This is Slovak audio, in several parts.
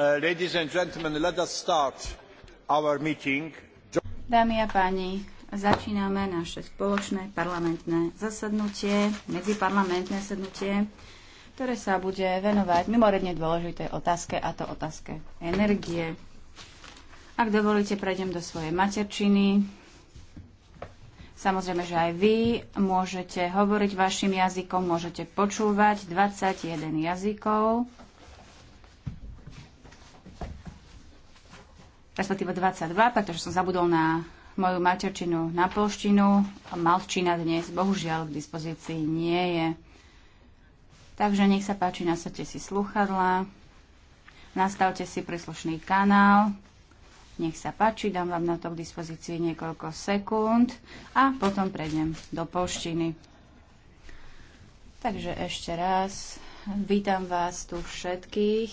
Uh, Dámy a páni, začíname naše spoločné parlamentné zasadnutie, medziparlamentné zasadnutie, ktoré sa bude venovať mimoriadne dôležitej otázke, a to otázke energie. Ak dovolíte, prejdem do svojej materčiny. Samozrejme, že aj vy môžete hovoriť vašim jazykom, môžete počúvať 21 jazykov. respektíve 22, pretože som zabudol na moju materčinu na polštinu. Malčina dnes bohužiaľ k dispozícii nie je. Takže nech sa páči, nasadte si sluchadla, nastavte si príslušný kanál, nech sa páči, dám vám na to k dispozícii niekoľko sekúnd a potom prejdem do polštiny. Takže ešte raz, vítam vás tu všetkých,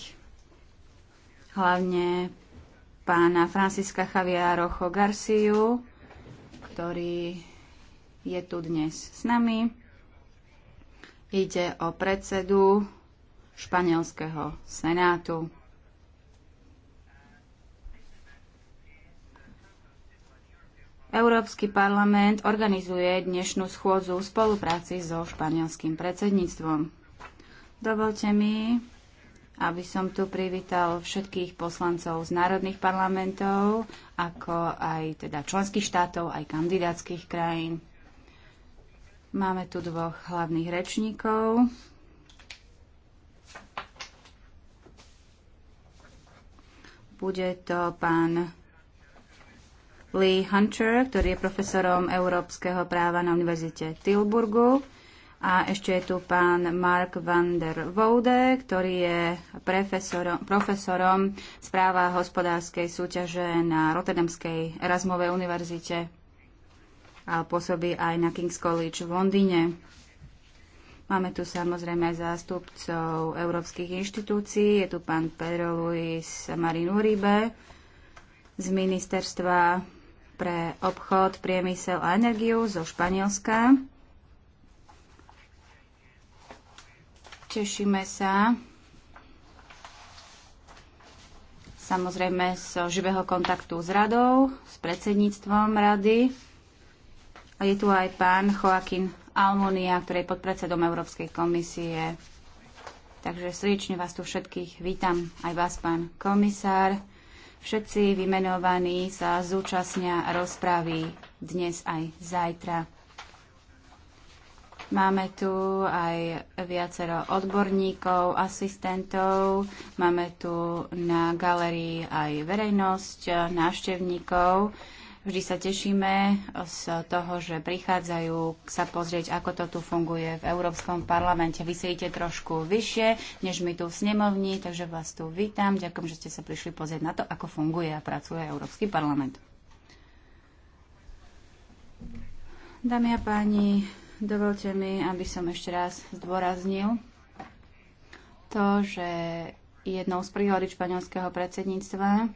hlavne pána Franciska Javiera Rocho Garciu, ktorý je tu dnes s nami. Ide o predsedu španielského senátu. Európsky parlament organizuje dnešnú schôdzu v spolupráci so španielským predsedníctvom. Dovolte mi aby som tu privítal všetkých poslancov z národných parlamentov, ako aj teda členských štátov, aj kandidátskych krajín. Máme tu dvoch hlavných rečníkov. Bude to pán Lee Hunter, ktorý je profesorom európskeho práva na Univerzite Tilburgu a ešte je tu pán Mark van der Woude, ktorý je profesorom, profesorom správa hospodárskej súťaže na Rotterdamskej Erasmovej univerzite a pôsobí aj na King's College v Londýne. Máme tu samozrejme zástupcov európskych inštitúcií. Je tu pán Pedro Luis Marin Uribe z Ministerstva pre obchod, priemysel a energiu zo Španielska Tešíme sa samozrejme z živého kontaktu s radou, s predsedníctvom rady. A je tu aj pán Joaquín Almonia, ktorý je podpredsedom Európskej komisie. Takže srdečne vás tu všetkých vítam, aj vás, pán komisár. Všetci vymenovaní sa zúčastnia rozpravy dnes aj zajtra. Máme tu aj viacero odborníkov, asistentov, máme tu na galerii aj verejnosť, návštevníkov. Vždy sa tešíme z toho, že prichádzajú sa pozrieť, ako to tu funguje v Európskom parlamente. Vy sedíte trošku vyššie, než my tu v snemovni, takže vás tu vítam. Ďakujem, že ste sa prišli pozrieť na to, ako funguje a pracuje Európsky parlament. Dámy a páni, Dovolte mi, aby som ešte raz zdôraznil to, že jednou z priorit španielského predsedníctva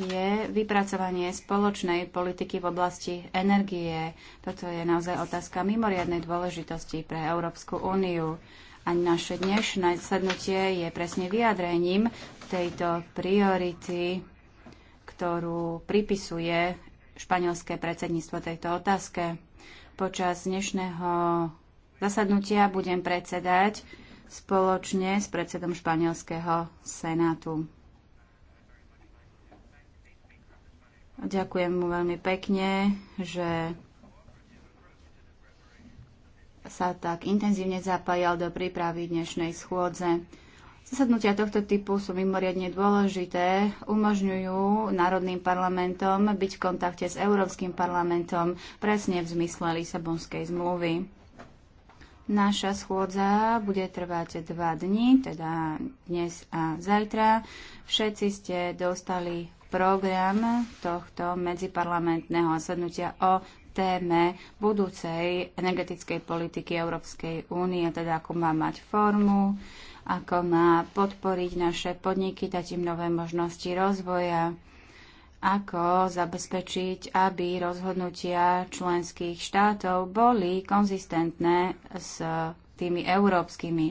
je vypracovanie spoločnej politiky v oblasti energie. Toto je naozaj otázka mimoriadnej dôležitosti pre Európsku úniu. A naše dnešné sadnutie je presne vyjadrením tejto priority, ktorú pripisuje španielské predsedníctvo tejto otázke. Počas dnešného zasadnutia budem predsedať spoločne s predsedom Španielského senátu. Ďakujem mu veľmi pekne, že sa tak intenzívne zapájal do prípravy dnešnej schôdze. Zasadnutia tohto typu sú mimoriadne dôležité, umožňujú národným parlamentom byť v kontakte s Európskym parlamentom presne v zmysle Lisabonskej zmluvy. Naša schôdza bude trvať dva dni, teda dnes a zajtra. Všetci ste dostali program tohto medziparlamentného zasadnutia o téme budúcej energetickej politiky Európskej únie, teda ako má mať formu, ako má podporiť naše podniky, dať im nové možnosti rozvoja, ako zabezpečiť, aby rozhodnutia členských štátov boli konzistentné s tými európskymi.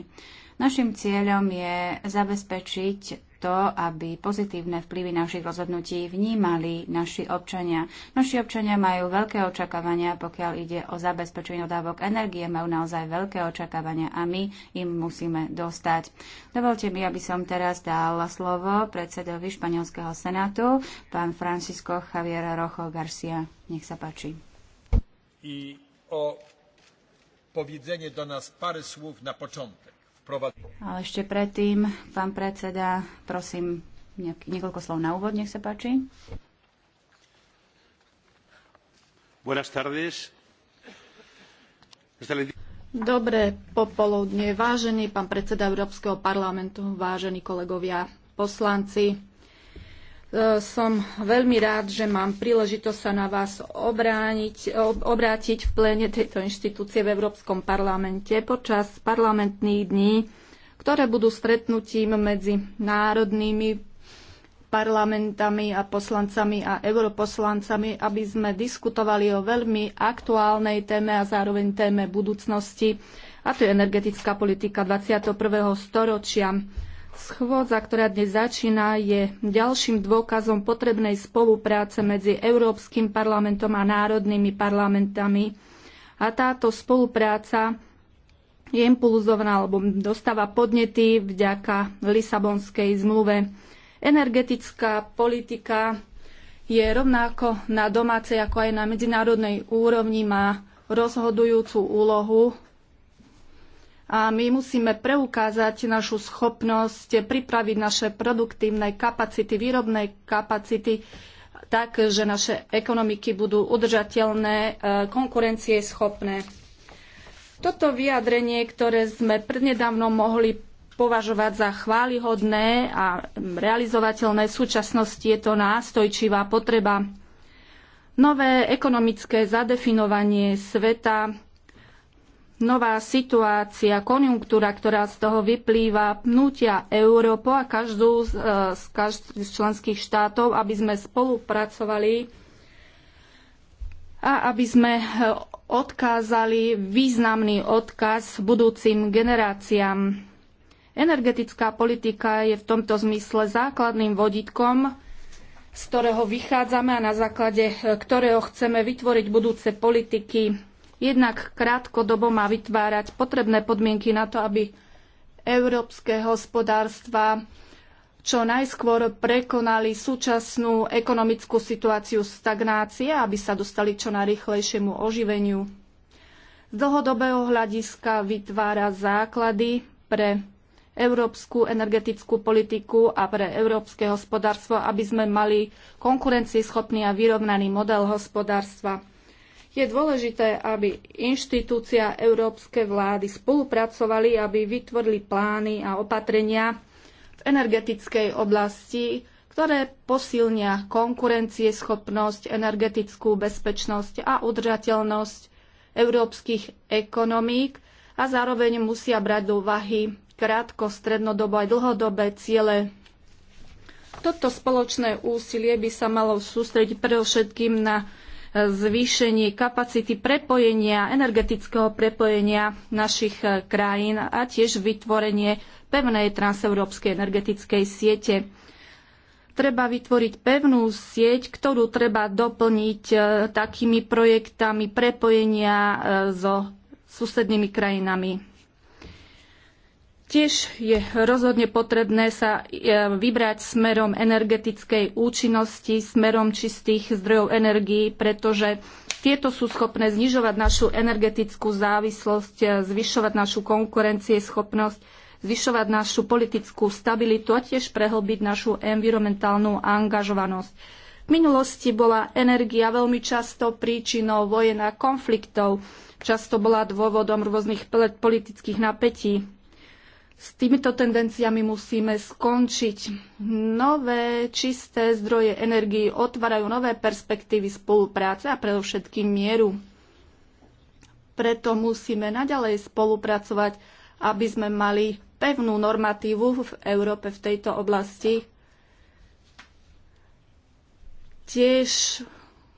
Našim cieľom je zabezpečiť to, aby pozitívne vplyvy našich rozhodnutí vnímali naši občania. Naši občania majú veľké očakávania, pokiaľ ide o zabezpečenie dávok energie, majú naozaj veľké očakávania a my im musíme dostať. Dovolte mi, aby som teraz dal slovo predsedovi Španielského senátu, pán Francisco Javier Rojo Garcia. Nech sa páči. I o powiedzenie do nás pár slov na początek. Ale ešte predtým, pán predseda, prosím niekoľko slov na úvod, nech sa páči. Buenas tardes. Dobré popoludne, vážený pán predseda Európskeho parlamentu, vážení kolegovia poslanci. E, som veľmi rád, že mám príležitosť sa na vás obrániť, obrátiť v pléne tejto inštitúcie v Európskom parlamente počas parlamentných dní, ktoré budú stretnutím medzi národnými parlamentami a poslancami a europoslancami, aby sme diskutovali o veľmi aktuálnej téme a zároveň téme budúcnosti, a to je energetická politika 21. storočia. Schôdza, ktorá dnes začína, je ďalším dôkazom potrebnej spolupráce medzi Európskym parlamentom a národnými parlamentami. A táto spolupráca je impulzovaná alebo dostáva podnety vďaka Lisabonskej zmluve. Energetická politika je rovnako na domácej ako aj na medzinárodnej úrovni má rozhodujúcu úlohu a my musíme preukázať našu schopnosť pripraviť naše produktívne kapacity, výrobné kapacity tak, že naše ekonomiky budú udržateľné, e, konkurencieschopné. Toto vyjadrenie, ktoré sme prednedávno mohli považovať za chválihodné a realizovateľné v súčasnosti, je to nástojčivá potreba. Nové ekonomické zadefinovanie sveta nová situácia, konjunktúra, ktorá z toho vyplýva, pnutia Európu a každú z, e, z, každý z členských štátov, aby sme spolupracovali a aby sme e, odkázali významný odkaz budúcim generáciám. Energetická politika je v tomto zmysle základným vodítkom, z ktorého vychádzame a na základe e, ktorého chceme vytvoriť budúce politiky jednak krátkodobo má vytvárať potrebné podmienky na to, aby európske hospodárstva čo najskôr prekonali súčasnú ekonomickú situáciu stagnácie, aby sa dostali čo najrychlejšiemu oživeniu. Z dlhodobého hľadiska vytvára základy pre európsku energetickú politiku a pre európske hospodárstvo, aby sme mali konkurencieschopný a vyrovnaný model hospodárstva. Je dôležité, aby inštitúcia európske vlády spolupracovali, aby vytvorili plány a opatrenia v energetickej oblasti, ktoré posilnia konkurencieschopnosť, energetickú bezpečnosť a udržateľnosť európskych ekonomík a zároveň musia brať do úvahy krátko, strednodobo aj dlhodobé ciele. Toto spoločné úsilie by sa malo sústrediť predovšetkým na zvýšenie kapacity prepojenia, energetického prepojenia našich eh, krajín a tiež vytvorenie pevnej transeurópskej energetickej siete. Treba vytvoriť pevnú sieť, ktorú treba doplniť eh, takými projektami prepojenia eh, so susednými krajinami. Tiež je rozhodne potrebné sa e, vybrať smerom energetickej účinnosti, smerom čistých zdrojov energií, pretože tieto sú schopné znižovať našu energetickú závislosť, e, zvyšovať našu konkurencieschopnosť, zvyšovať našu politickú stabilitu a tiež prehlbiť našu environmentálnu angažovanosť. V minulosti bola energia veľmi často príčinou vojen a konfliktov, často bola dôvodom rôznych politických napätí s týmito tendenciami musíme skončiť. Nové čisté zdroje energii otvárajú nové perspektívy spolupráce a predovšetkým mieru. Preto musíme naďalej spolupracovať, aby sme mali pevnú normatívu v Európe v tejto oblasti. Tiež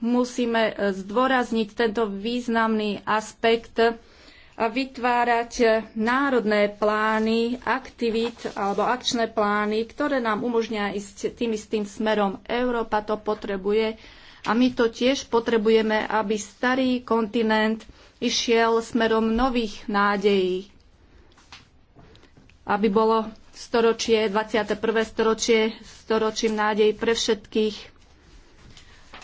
musíme zdôrazniť tento významný aspekt vytvárať národné plány, aktivít alebo akčné plány, ktoré nám umožňia ísť tým istým smerom. Európa to potrebuje a my to tiež potrebujeme, aby starý kontinent išiel smerom nových nádejí. Aby bolo storočie, 21. storočie, storočím nádej pre všetkých.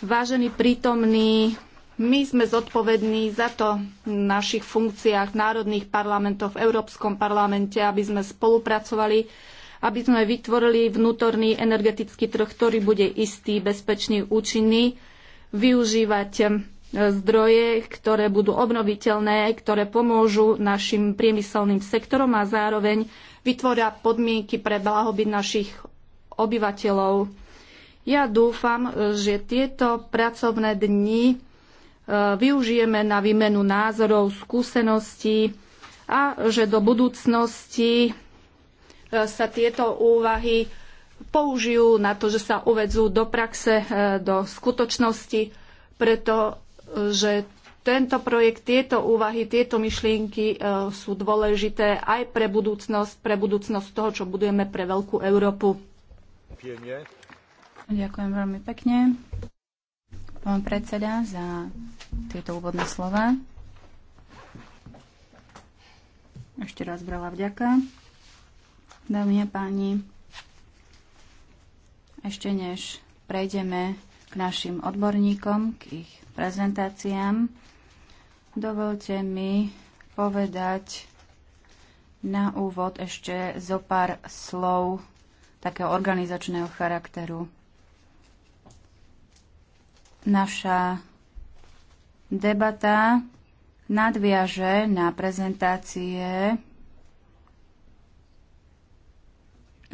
Vážení prítomní, my sme zodpovední za to v našich funkciách v národných parlamentoch, v Európskom parlamente, aby sme spolupracovali, aby sme vytvorili vnútorný energetický trh, ktorý bude istý, bezpečný, účinný, využívať e, zdroje, ktoré budú obnoviteľné, ktoré pomôžu našim priemyselným sektorom a zároveň vytvoria podmienky pre blahobyt našich obyvateľov. Ja dúfam, že tieto pracovné dni využijeme na výmenu názorov, skúseností a že do budúcnosti e, sa tieto úvahy použijú na to, že sa uvedzú do praxe, e, do skutočnosti, pretože tento projekt, tieto úvahy, tieto myšlienky e, sú dôležité aj pre budúcnosť, pre budúcnosť toho, čo budujeme pre veľkú Európu. Ďakujem veľmi pekne pán predseda, za tieto úvodné slova. Ešte raz brala vďaka. Dámy a páni, ešte než prejdeme k našim odborníkom, k ich prezentáciám, dovolte mi povedať na úvod ešte zo pár slov takého organizačného charakteru naša debata nadviaže na prezentácie.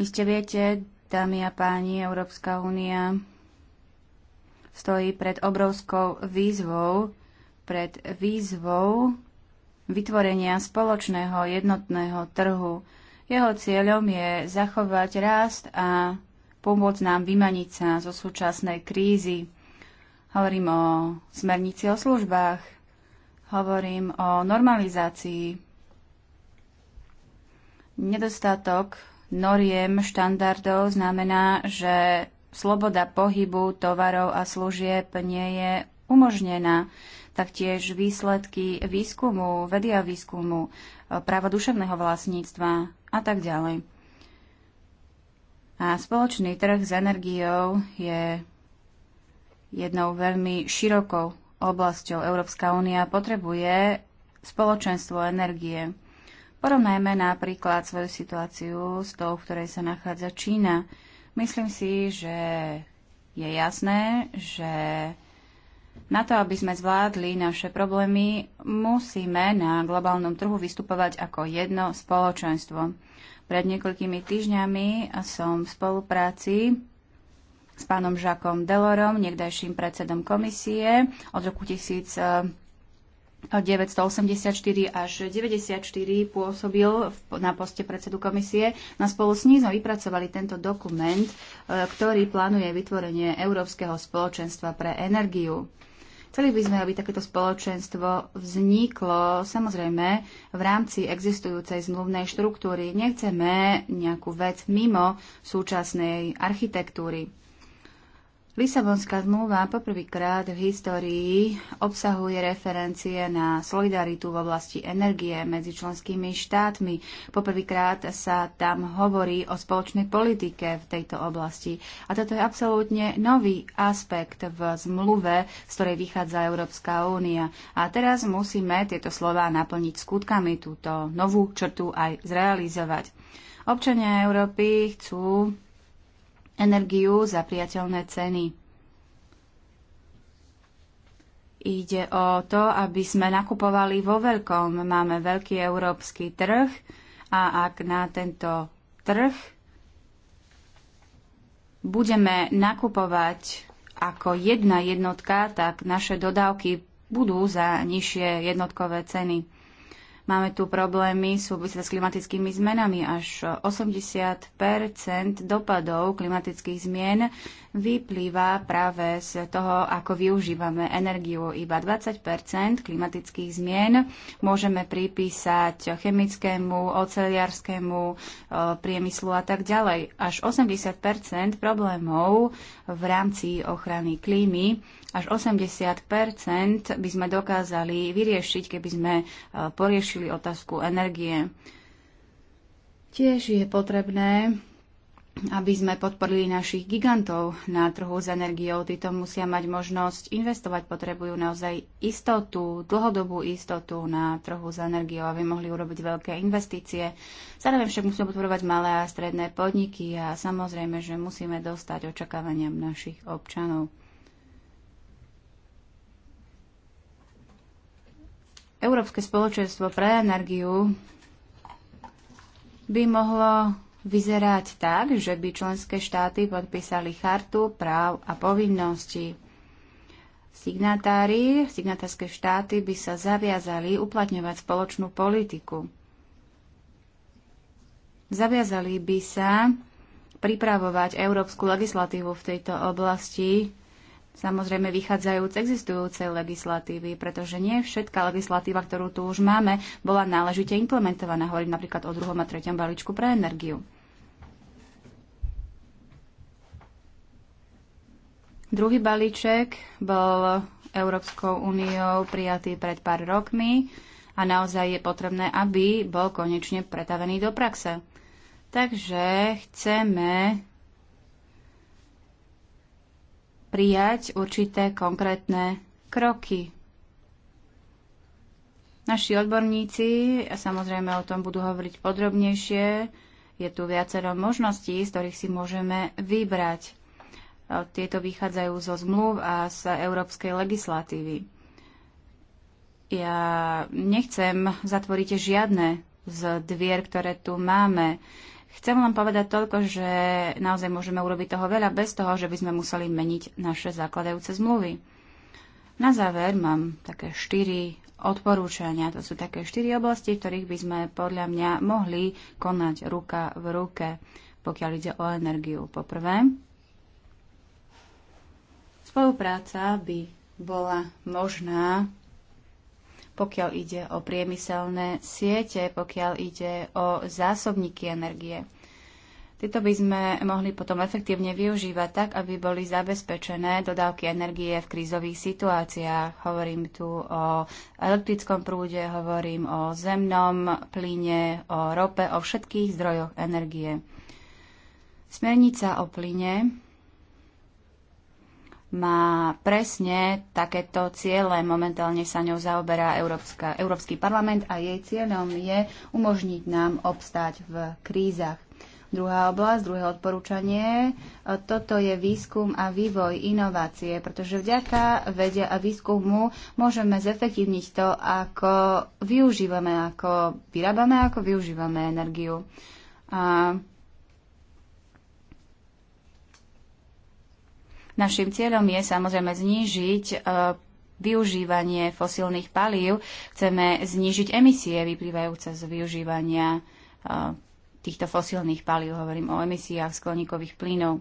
Iste viete, dámy a páni, Európska únia stojí pred obrovskou výzvou, pred výzvou vytvorenia spoločného jednotného trhu. Jeho cieľom je zachovať rast a pomôcť nám vymaniť sa zo súčasnej krízy. Hovorím o smernici o službách, hovorím o normalizácii. Nedostatok noriem štandardov znamená, že sloboda pohybu tovarov a služieb nie je umožnená. Taktiež výsledky výskumu, vedia výskumu, práva duševného vlastníctva a tak ďalej. A spoločný trh s energiou je jednou veľmi širokou oblasťou. Európska únia potrebuje spoločenstvo energie. Porovnajme napríklad svoju situáciu s tou, v ktorej sa nachádza Čína. Myslím si, že je jasné, že na to, aby sme zvládli naše problémy, musíme na globálnom trhu vystupovať ako jedno spoločenstvo. Pred niekoľkými týždňami som v spolupráci s pánom Žakom Delorom, niekdajším predsedom komisie od roku 1984 eh, až 1994 pôsobil na poste predsedu komisie. Na no spolu s ním sme vypracovali tento dokument, eh, ktorý plánuje vytvorenie Európskeho spoločenstva pre energiu. Chceli by sme, aby takéto spoločenstvo vzniklo samozrejme v rámci existujúcej zmluvnej štruktúry. Nechceme nejakú vec mimo súčasnej architektúry. Lisabonská zmluva poprvýkrát v histórii obsahuje referencie na solidaritu v oblasti energie medzi členskými štátmi. Poprvýkrát sa tam hovorí o spoločnej politike v tejto oblasti. A toto je absolútne nový aspekt v zmluve, z ktorej vychádza Európska únia. A teraz musíme tieto slova naplniť skutkami, túto novú črtu aj zrealizovať. Občania Európy chcú energiu za priateľné ceny. Ide o to, aby sme nakupovali vo veľkom. Máme veľký európsky trh a ak na tento trh budeme nakupovať ako jedna jednotka, tak naše dodávky budú za nižšie jednotkové ceny. Máme tu problémy súvisia s klimatickými zmenami. Až 80 dopadov klimatických zmien vyplýva práve z toho, ako využívame energiu. Iba 20 klimatických zmien môžeme pripísať chemickému, oceliarskému e, priemyslu a tak ďalej. Až 80 problémov v rámci ochrany klímy až 80 by sme dokázali vyriešiť, keby sme e, poriešili otázku energie. Tiež je potrebné aby sme podporili našich gigantov na trhu s energiou. Títo musia mať možnosť investovať, potrebujú naozaj istotu, dlhodobú istotu na trhu s energiou, aby mohli urobiť veľké investície. Zároveň však musíme podporovať malé a stredné podniky a samozrejme, že musíme dostať očakávaniam našich občanov. Európske spoločenstvo pre energiu by mohlo vyzerať tak, že by členské štáty podpísali chartu práv a povinností. Signatári, signatárske štáty by sa zaviazali uplatňovať spoločnú politiku. Zaviazali by sa pripravovať európsku legislatívu v tejto oblasti samozrejme vychádzajú z existujúcej legislatívy, pretože nie všetká legislatíva, ktorú tu už máme, bola náležite implementovaná. Hovorím napríklad o druhom a treťom balíčku pre energiu. Druhý balíček bol Európskou úniou prijatý pred pár rokmi a naozaj je potrebné, aby bol konečne pretavený do praxe. Takže chceme prijať určité konkrétne kroky. Naši odborníci samozrejme o tom budú hovoriť podrobnejšie. Je tu viacero možností, z ktorých si môžeme vybrať. Tieto vychádzajú zo zmluv a z európskej legislatívy. Ja nechcem zatvoriť žiadne z dvier, ktoré tu máme. Chcem len povedať toľko, že naozaj môžeme urobiť toho veľa bez toho, že by sme museli meniť naše zakladajúce zmluvy. Na záver mám také štyri odporúčania. To sú také štyri oblasti, v ktorých by sme podľa mňa mohli konať ruka v ruke, pokiaľ ide o energiu. Poprvé, spolupráca by bola možná pokiaľ ide o priemyselné siete, pokiaľ ide o zásobníky energie. Tieto by sme mohli potom efektívne využívať tak, aby boli zabezpečené dodávky energie v krízových situáciách. Hovorím tu o elektrickom prúde, hovorím o zemnom plyne, o rope, o všetkých zdrojoch energie. Smernica o plyne má presne takéto ciele. Momentálne sa ňou zaoberá Európska, Európsky parlament a jej cieľom je umožniť nám obstáť v krízach. Druhá oblasť, druhé odporúčanie, toto je výskum a vývoj inovácie, pretože vďaka vede a výskumu môžeme zefektívniť to, ako využívame, ako vyrábame, ako využívame energiu. A Našim cieľom je samozrejme znížiť e, využívanie fosílnych palív, chceme znížiť emisie vyplývajúce z využívania e, týchto fosílnych palív. Hovorím o emisiách skleníkových plynov.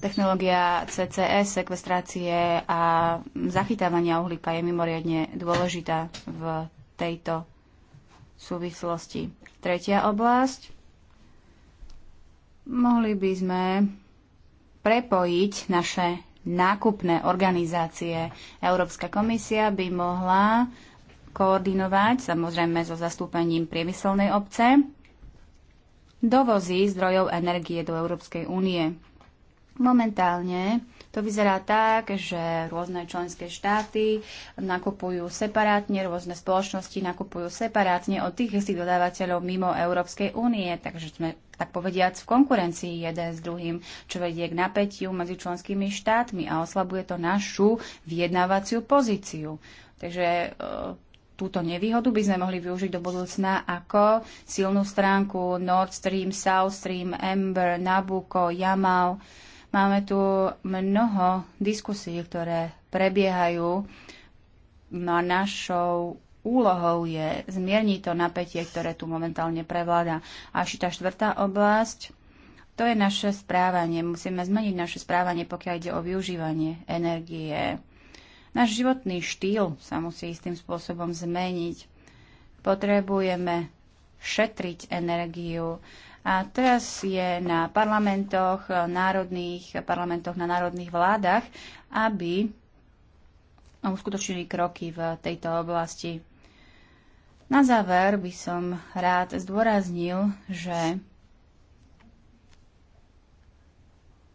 Technológia CCS, sekvestrácie a zachytávania uhlíka je mimoriadne dôležitá v tejto súvislosti. Tretia oblasť Mohli by sme prepojiť naše nákupné organizácie. Európska komisia by mohla koordinovať, samozrejme so zastúpením priemyselnej obce, dovozy zdrojov energie do Európskej únie. Momentálne to vyzerá tak, že rôzne členské štáty nakupujú separátne, rôzne spoločnosti nakupujú separátne od tých istých dodávateľov mimo Európskej únie, takže sme tak povediac v konkurencii jeden s druhým, čo vedie k napätiu medzi členskými štátmi a oslabuje to našu vyjednávaciu pozíciu. Takže e, túto nevýhodu by sme mohli využiť do budúcna ako silnú stránku Nord Stream, South Stream, Ember, Nabucco, Yamal. Máme tu mnoho diskusí, ktoré prebiehajú. No a našou úlohou je zmierniť to napätie, ktoré tu momentálne prevláda. A ešte tá štvrtá oblasť, to je naše správanie. Musíme zmeniť naše správanie, pokiaľ ide o využívanie energie. Náš životný štýl sa musí istým spôsobom zmeniť. Potrebujeme šetriť energiu, a teraz je na parlamentoch, eh, národných, parlamentoch na národných vládach, aby uskutočnili kroky v tejto oblasti. Na záver by som rád zdôraznil, že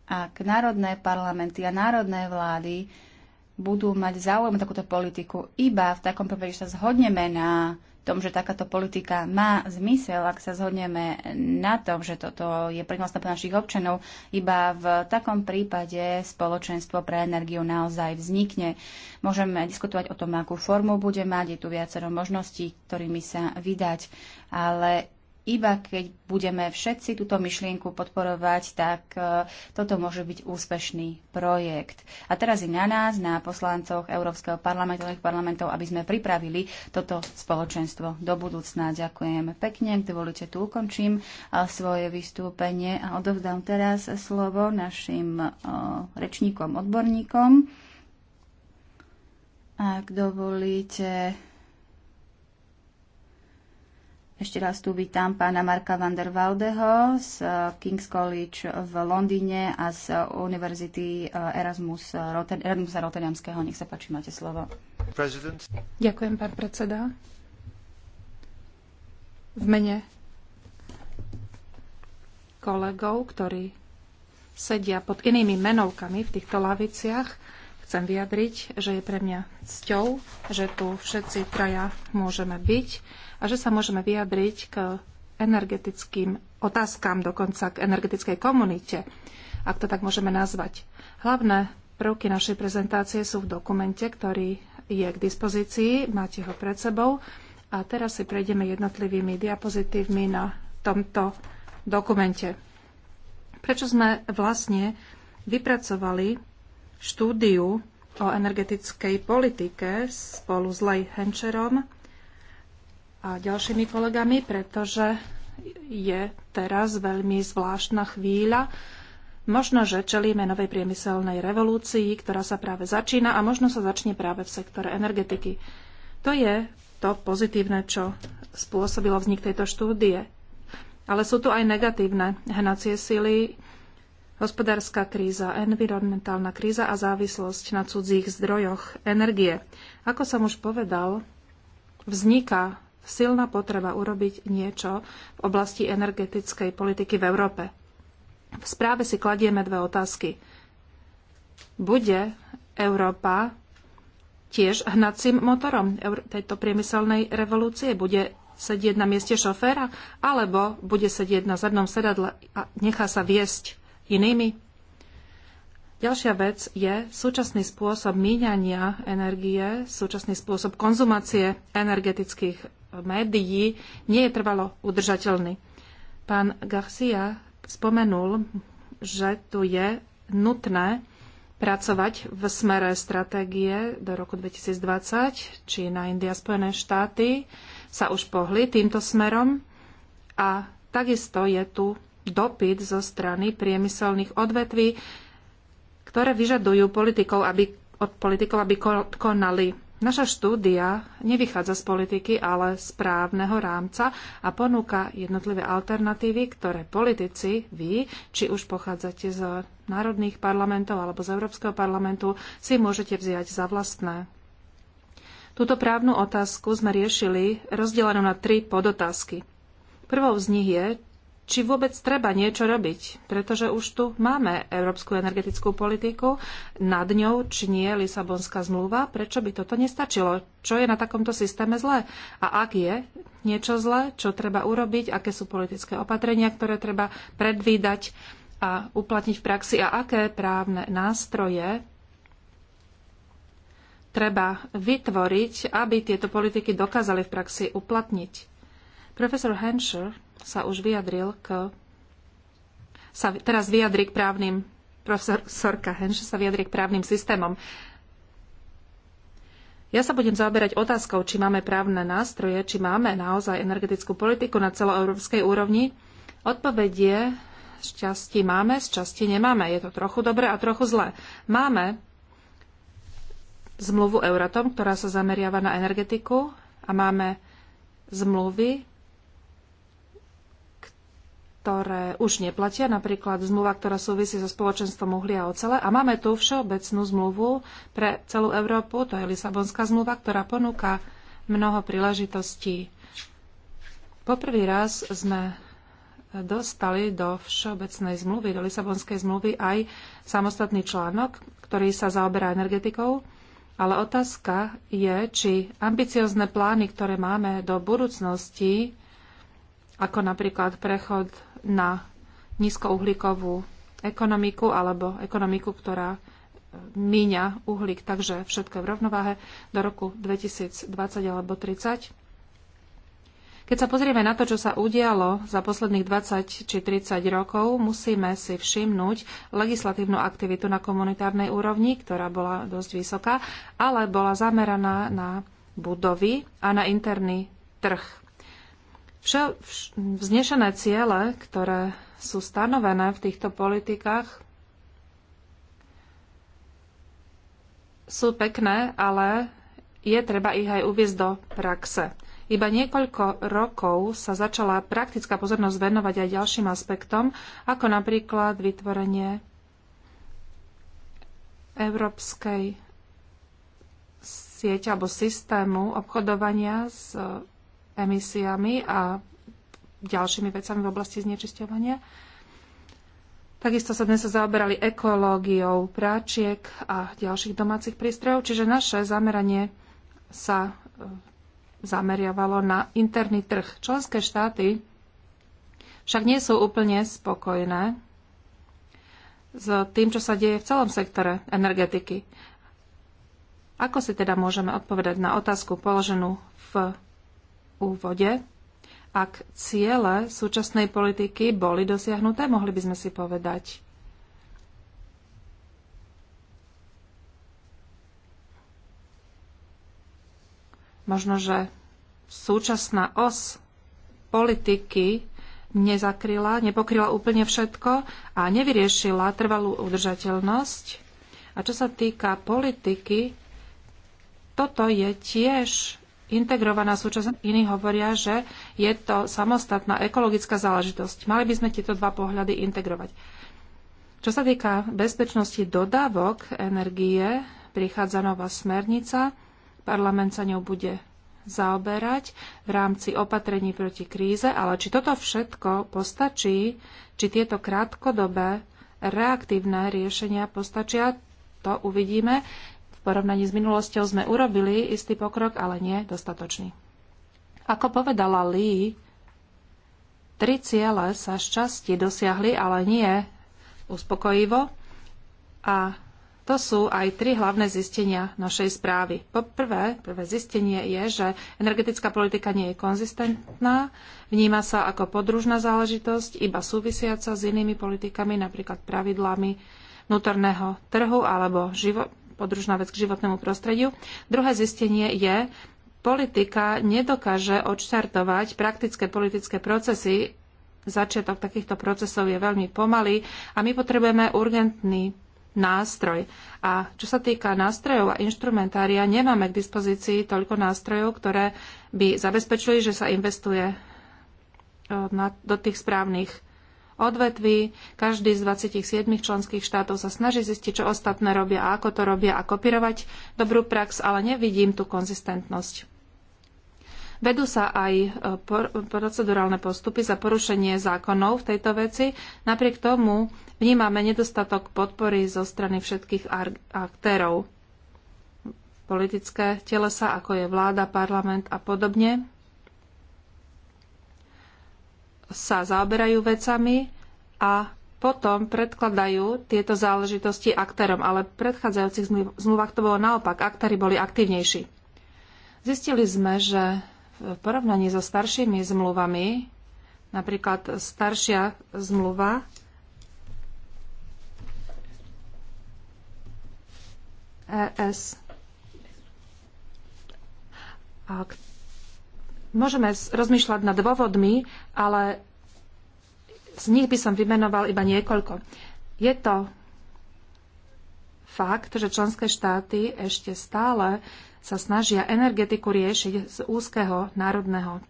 ak národné parlamenty a národné vlády budú mať záujem takúto politiku iba v takom prípade, že sa zhodneme na tom, že takáto politika má zmysel, ak sa zhodneme na tom, že toto je prínosné pre našich občanov, iba v takom prípade spoločenstvo pre energiu naozaj vznikne. Môžeme diskutovať o tom, akú formu bude mať, je tu viacero možností, ktorými sa vydať, ale iba keď budeme všetci túto myšlienku podporovať, tak e, toto môže byť úspešný projekt. A teraz je na nás, na poslancoch Európskeho parlamentu, parlamentov, aby sme pripravili toto spoločenstvo do budúcna. Ďakujem pekne, ak dovolíte, tu ukončím e, svoje vystúpenie a odovzdám teraz slovo našim e, rečníkom, odborníkom. Ak dovolíte, ešte raz tu vítam pána Marka van der Waldeho z King's College v Londýne a z Univerzity eh, Erasmus, Rotter- Erasmusa Rotterdamského. Nech sa páči, máte slovo. President. Ďakujem, pán predseda. V mene kolegov, ktorí sedia pod inými menovkami v týchto laviciach, chcem vyjadriť, že je pre mňa cťou, že tu všetci traja môžeme byť a že sa môžeme vyjadriť k energetickým otázkam, dokonca k energetickej komunite, ak to tak môžeme nazvať. Hlavné prvky našej prezentácie sú v dokumente, ktorý je k dispozícii, máte ho pred sebou. A teraz si prejdeme jednotlivými diapozitívmi na tomto dokumente. Prečo sme vlastne vypracovali štúdiu o energetickej politike spolu s Lej Henčerom a ďalšími kolegami, pretože je teraz veľmi zvláštna chvíľa. Možno, že čelíme novej priemyselnej revolúcii, ktorá sa práve začína a možno sa začne práve v sektore energetiky. To je to pozitívne, čo spôsobilo vznik tejto štúdie. Ale sú tu aj negatívne hnacie sily, hospodárska kríza, environmentálna kríza a závislosť na cudzích zdrojoch energie. Ako som už povedal, vzniká silná potreba urobiť niečo v oblasti energetickej politiky v Európe. V správe si kladieme dve otázky. Bude Európa tiež hnacím motorom tejto priemyselnej revolúcie? Bude sedieť na mieste šoféra, alebo bude sedieť na zadnom sedadle a nechá sa viesť inými? Ďalšia vec je súčasný spôsob míňania energie, súčasný spôsob konzumácie energetických médií nie je trvalo udržateľný. Pán Garcia spomenul, že tu je nutné pracovať v smere stratégie do roku 2020. Čína, India, Spojené štáty sa už pohli týmto smerom a takisto je tu dopyt zo strany priemyselných odvetví, ktoré vyžadujú politikov, aby, od politikov, aby konali. Naša štúdia nevychádza z politiky, ale z právneho rámca a ponúka jednotlivé alternatívy, ktoré politici, vy, či už pochádzate z národných parlamentov alebo z Európskeho parlamentu, si môžete vziať za vlastné. Túto právnu otázku sme riešili rozdelenú na tri podotázky. Prvou z nich je, či vôbec treba niečo robiť, pretože už tu máme európsku energetickú politiku, nad ňou či nie Lisabonská zmluva, prečo by toto nestačilo? Čo je na takomto systéme zlé? A ak je niečo zlé, čo treba urobiť, aké sú politické opatrenia, ktoré treba predvídať a uplatniť v praxi a aké právne nástroje treba vytvoriť, aby tieto politiky dokázali v praxi uplatniť. Profesor Henscher sa už vyjadril k sa teraz vyjadri k právnym profesorka Henscher sa vyjadri k právnym systémom. Ja sa budem zaoberať otázkou, či máme právne nástroje, či máme naozaj energetickú politiku na celoeurópskej úrovni. Odpoveď je, z časti máme, z časti nemáme. Je to trochu dobre a trochu zlé. Máme zmluvu Euratom, ktorá sa zameriava na energetiku a máme zmluvy ktoré už neplatia, napríklad zmluva, ktorá súvisí so spoločenstvom uhlia a ocele. A máme tu všeobecnú zmluvu pre celú Európu, to je Lisabonská zmluva, ktorá ponúka mnoho príležitostí. Poprvý raz sme dostali do Všeobecnej zmluvy, do Lisabonskej zmluvy aj samostatný článok, ktorý sa zaoberá energetikou. Ale otázka je, či ambiciozne plány, ktoré máme do budúcnosti, ako napríklad prechod na nízkouhlíkovú ekonomiku alebo ekonomiku, ktorá e, míňa uhlík, takže všetko je v rovnováhe do roku 2020 alebo 30. Keď sa pozrieme na to, čo sa udialo za posledných 20 či 30 rokov, musíme si všimnúť legislatívnu aktivitu na komunitárnej úrovni, ktorá bola dosť vysoká, ale bola zameraná na budovy a na interný trh Vša, vš, vznešené ciele, ktoré sú stanovené v týchto politikách, sú pekné, ale je treba ich aj uviezť do praxe. Iba niekoľko rokov sa začala praktická pozornosť venovať aj ďalším aspektom, ako napríklad vytvorenie európskej siete alebo systému obchodovania s emisiami a ďalšími vecami v oblasti znečisťovania. Takisto sa dnes zaoberali ekológiou práčiek a ďalších domácich prístrojov, čiže naše zameranie sa e, zameriavalo na interný trh. Členské štáty však nie sú úplne spokojné s tým, čo sa deje v celom sektore energetiky. Ako si teda môžeme odpovedať na otázku položenú v úvode, ak ciele súčasnej politiky boli dosiahnuté, mohli by sme si povedať. Možno, že súčasná os politiky nezakryla, nepokryla úplne všetko a nevyriešila trvalú udržateľnosť. A čo sa týka politiky, toto je tiež integrovaná súčasť. Iní hovoria, že je to samostatná ekologická záležitosť. Mali by sme tieto dva pohľady integrovať. Čo sa týka bezpečnosti dodávok energie, prichádza nová smernica. Parlament sa ňou bude zaoberať v rámci opatrení proti kríze, ale či toto všetko postačí, či tieto krátkodobé reaktívne riešenia postačia, to uvidíme porovnaní s minulosťou sme urobili istý pokrok, ale nie dostatočný. Ako povedala Lee, tri ciele sa z časti dosiahli, ale nie uspokojivo. A to sú aj tri hlavné zistenia našej správy. Po prvé, prvé zistenie je, že energetická politika nie je konzistentná, vníma sa ako podružná záležitosť, iba súvisiaca s inými politikami, napríklad pravidlami vnútorného trhu alebo živo- podružná vec k životnému prostrediu. Druhé zistenie je, politika nedokáže odštartovať praktické politické procesy. Začiatok takýchto procesov je veľmi pomalý a my potrebujeme urgentný nástroj. A čo sa týka nástrojov a inštrumentária, nemáme k dispozícii toľko nástrojov, ktoré by zabezpečili, že sa investuje e, do tých správnych odvetví. Každý z 27 členských štátov sa snaží zistiť, čo ostatné robia a ako to robia a kopírovať dobrú prax, ale nevidím tú konzistentnosť. Vedú sa aj e, procedurálne postupy za porušenie zákonov v tejto veci. Napriek tomu vnímame nedostatok podpory zo strany všetkých aktérov. Politické telesa, ako je vláda, parlament a podobne, sa zaoberajú vecami a potom predkladajú tieto záležitosti aktérom, ale v predchádzajúcich zmluvách to bolo naopak, aktéry boli aktívnejší. Zistili sme, že v porovnaní so staršími zmluvami, napríklad staršia zmluva ES, Môžeme rozmýšľať nad dôvodmi, ale z nich by som vymenoval iba niekoľko. Je to fakt, že členské štáty ešte stále sa snažia energetiku riešiť z úzkeho národného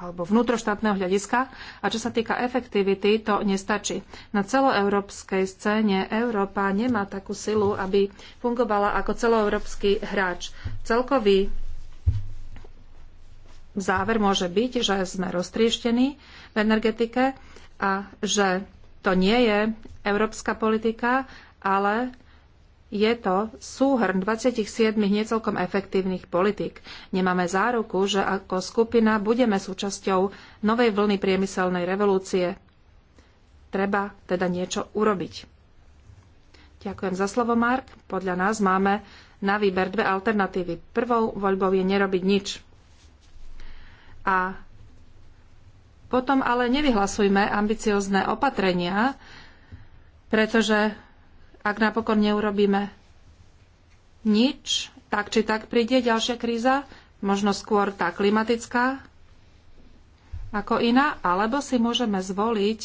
alebo vnútroštátneho hľadiska a čo sa týka efektivity, to nestačí. Na celoeurópskej scéne Európa nemá takú silu, aby fungovala ako celoeurópsky hráč. Celkový záver môže byť, že sme roztrieštení v energetike a že to nie je európska politika, ale je to súhrn 27 necelkom efektívnych politik. Nemáme záruku, že ako skupina budeme súčasťou novej vlny priemyselnej revolúcie. Treba teda niečo urobiť. Ďakujem za slovo, Mark. Podľa nás máme na výber dve alternatívy. Prvou voľbou je nerobiť nič. A potom ale nevyhlasujme ambiciozne opatrenia, pretože ak napokon neurobíme nič, tak či tak príde ďalšia kríza, možno skôr tá klimatická ako iná, alebo si môžeme zvoliť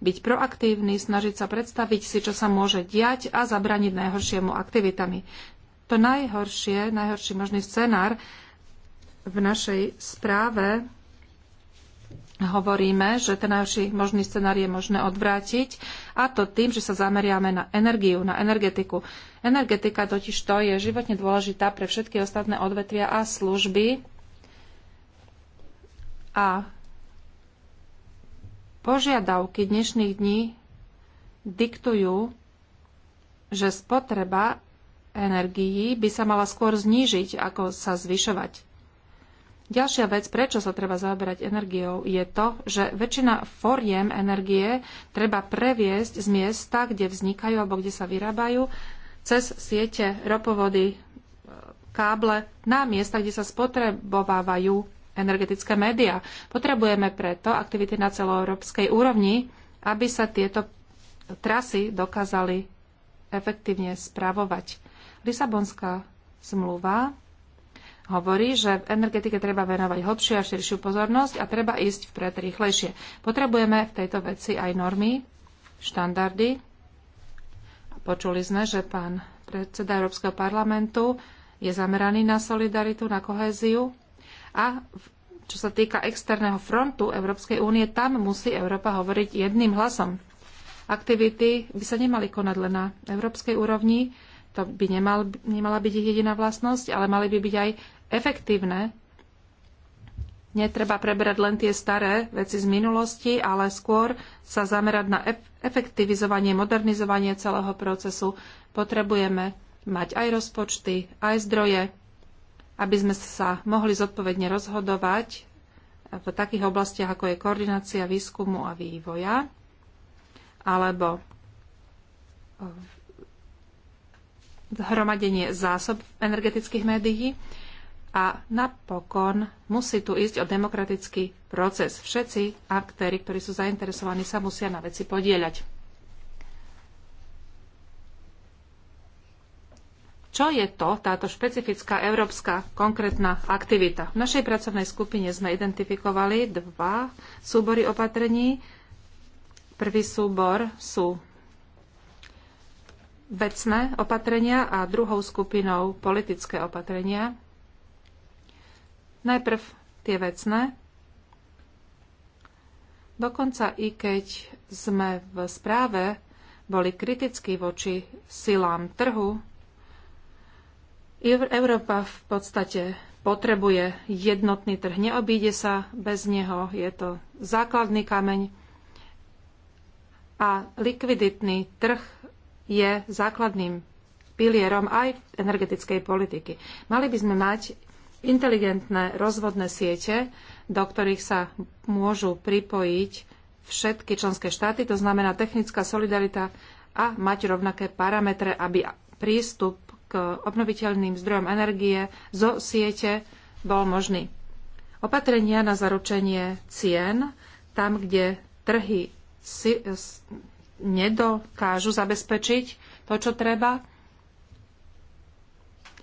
byť proaktívny, snažiť sa predstaviť si, čo sa môže diať a zabraniť najhoršiemu aktivitami. To najhoršie, najhorší možný scenár v našej správe hovoríme, že ten náš možný scenár je možné odvrátiť a to tým, že sa zameriame na energiu, na energetiku. Energetika totiž to je životne dôležitá pre všetky ostatné odvetvia a služby a požiadavky dnešných dní diktujú, že spotreba energií by sa mala skôr znížiť, ako sa zvyšovať. Ďalšia vec, prečo sa treba zaoberať energiou, je to, že väčšina foriem energie treba previesť z miesta, kde vznikajú alebo kde sa vyrábajú, cez siete, ropovody, e, káble na miesta, kde sa spotrebovávajú energetické médiá. Potrebujeme preto aktivity na celoeurópskej úrovni, aby sa tieto trasy dokázali efektívne spravovať. Lisabonská zmluva hovorí, že v energetike treba venovať hlbšiu a širšiu pozornosť a treba ísť vpred rýchlejšie. Potrebujeme v tejto veci aj normy, štandardy. Počuli sme, že pán predseda Európskeho parlamentu je zameraný na solidaritu, na kohéziu a čo sa týka externého frontu Európskej únie, tam musí Európa hovoriť jedným hlasom. Aktivity by sa nemali konať len na európskej úrovni, to by nemal, nemala byť ich jediná vlastnosť, ale mali by byť aj efektívne, netreba preberať len tie staré veci z minulosti, ale skôr sa zamerať na efektivizovanie, modernizovanie celého procesu. Potrebujeme mať aj rozpočty, aj zdroje, aby sme sa mohli zodpovedne rozhodovať v takých oblastiach, ako je koordinácia výskumu a vývoja, alebo hromadenie zásob energetických médií. A napokon musí tu ísť o demokratický proces. Všetci aktéry, ktorí sú zainteresovaní, sa musia na veci podieľať. Čo je to táto špecifická európska konkrétna aktivita? V našej pracovnej skupine sme identifikovali dva súbory opatrení. Prvý súbor sú vecné opatrenia a druhou skupinou politické opatrenia. Najprv tie vecné. Dokonca i keď sme v správe boli kritickí voči silám trhu, Európa v podstate potrebuje jednotný trh. Neobíde sa bez neho. Je to základný kameň. A likviditný trh je základným pilierom aj energetickej politiky. Mali by sme mať inteligentné rozvodné siete, do ktorých sa môžu pripojiť všetky členské štáty, to znamená technická solidarita a mať rovnaké parametre, aby prístup k obnoviteľným zdrojom energie zo siete bol možný. Opatrenia na zaručenie cien tam, kde trhy si, nedokážu zabezpečiť to, čo treba.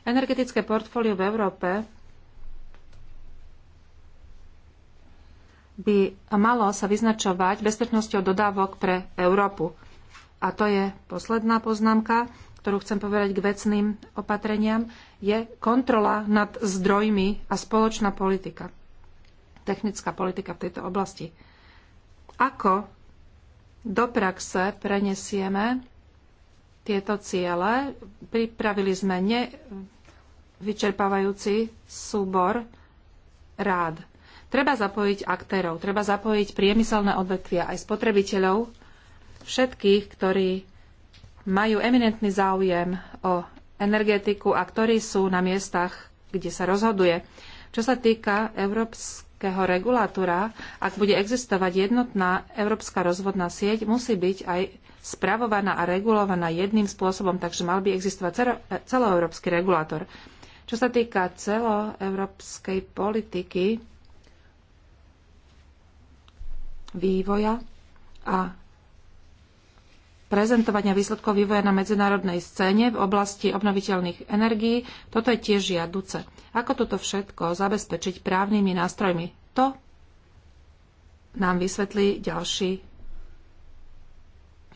Energetické portfólio v Európe by malo sa vyznačovať bezpečnosťou dodávok pre Európu. A to je posledná poznámka, ktorú chcem povedať k vecným opatreniam, je kontrola nad zdrojmi a spoločná politika. Technická politika v tejto oblasti. Ako do praxe prenesieme tieto ciele. Pripravili sme nevyčerpávajúci súbor rád. Treba zapojiť aktérov, treba zapojiť priemyselné odvetvia aj spotrebiteľov, všetkých, ktorí majú eminentný záujem o energetiku a ktorí sú na miestach, kde sa rozhoduje. Čo sa týka európskeho regulátora, ak bude existovať jednotná európska rozvodná sieť, musí byť aj spravovaná a regulovaná jedným spôsobom, takže mal by existovať e, celoeurópsky regulátor. Čo sa týka celoeurópskej politiky, vývoja a prezentovania výsledkov vývoja na medzinárodnej scéne v oblasti obnoviteľných energií, toto je tiež žiaduce. Ako toto všetko zabezpečiť právnymi nástrojmi? To nám vysvetlí ďalší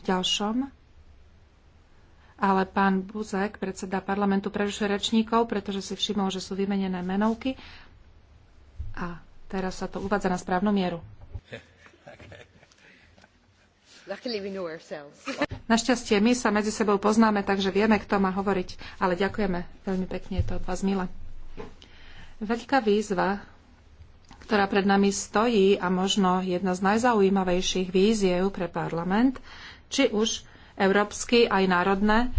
v ďalšom. Ale pán Buzek, predseda parlamentu, prerušuje rečníkov, pretože si všimol, že sú vymenené menovky. A teraz sa to uvádza na správnu mieru. Našťastie my sa medzi sebou poznáme, takže vieme, kto má hovoriť, ale ďakujeme veľmi pekne, je to od vás milé. Veľká výzva, ktorá pred nami stojí a možno jedna z najzaujímavejších víziev pre parlament, či už európsky, aj národné,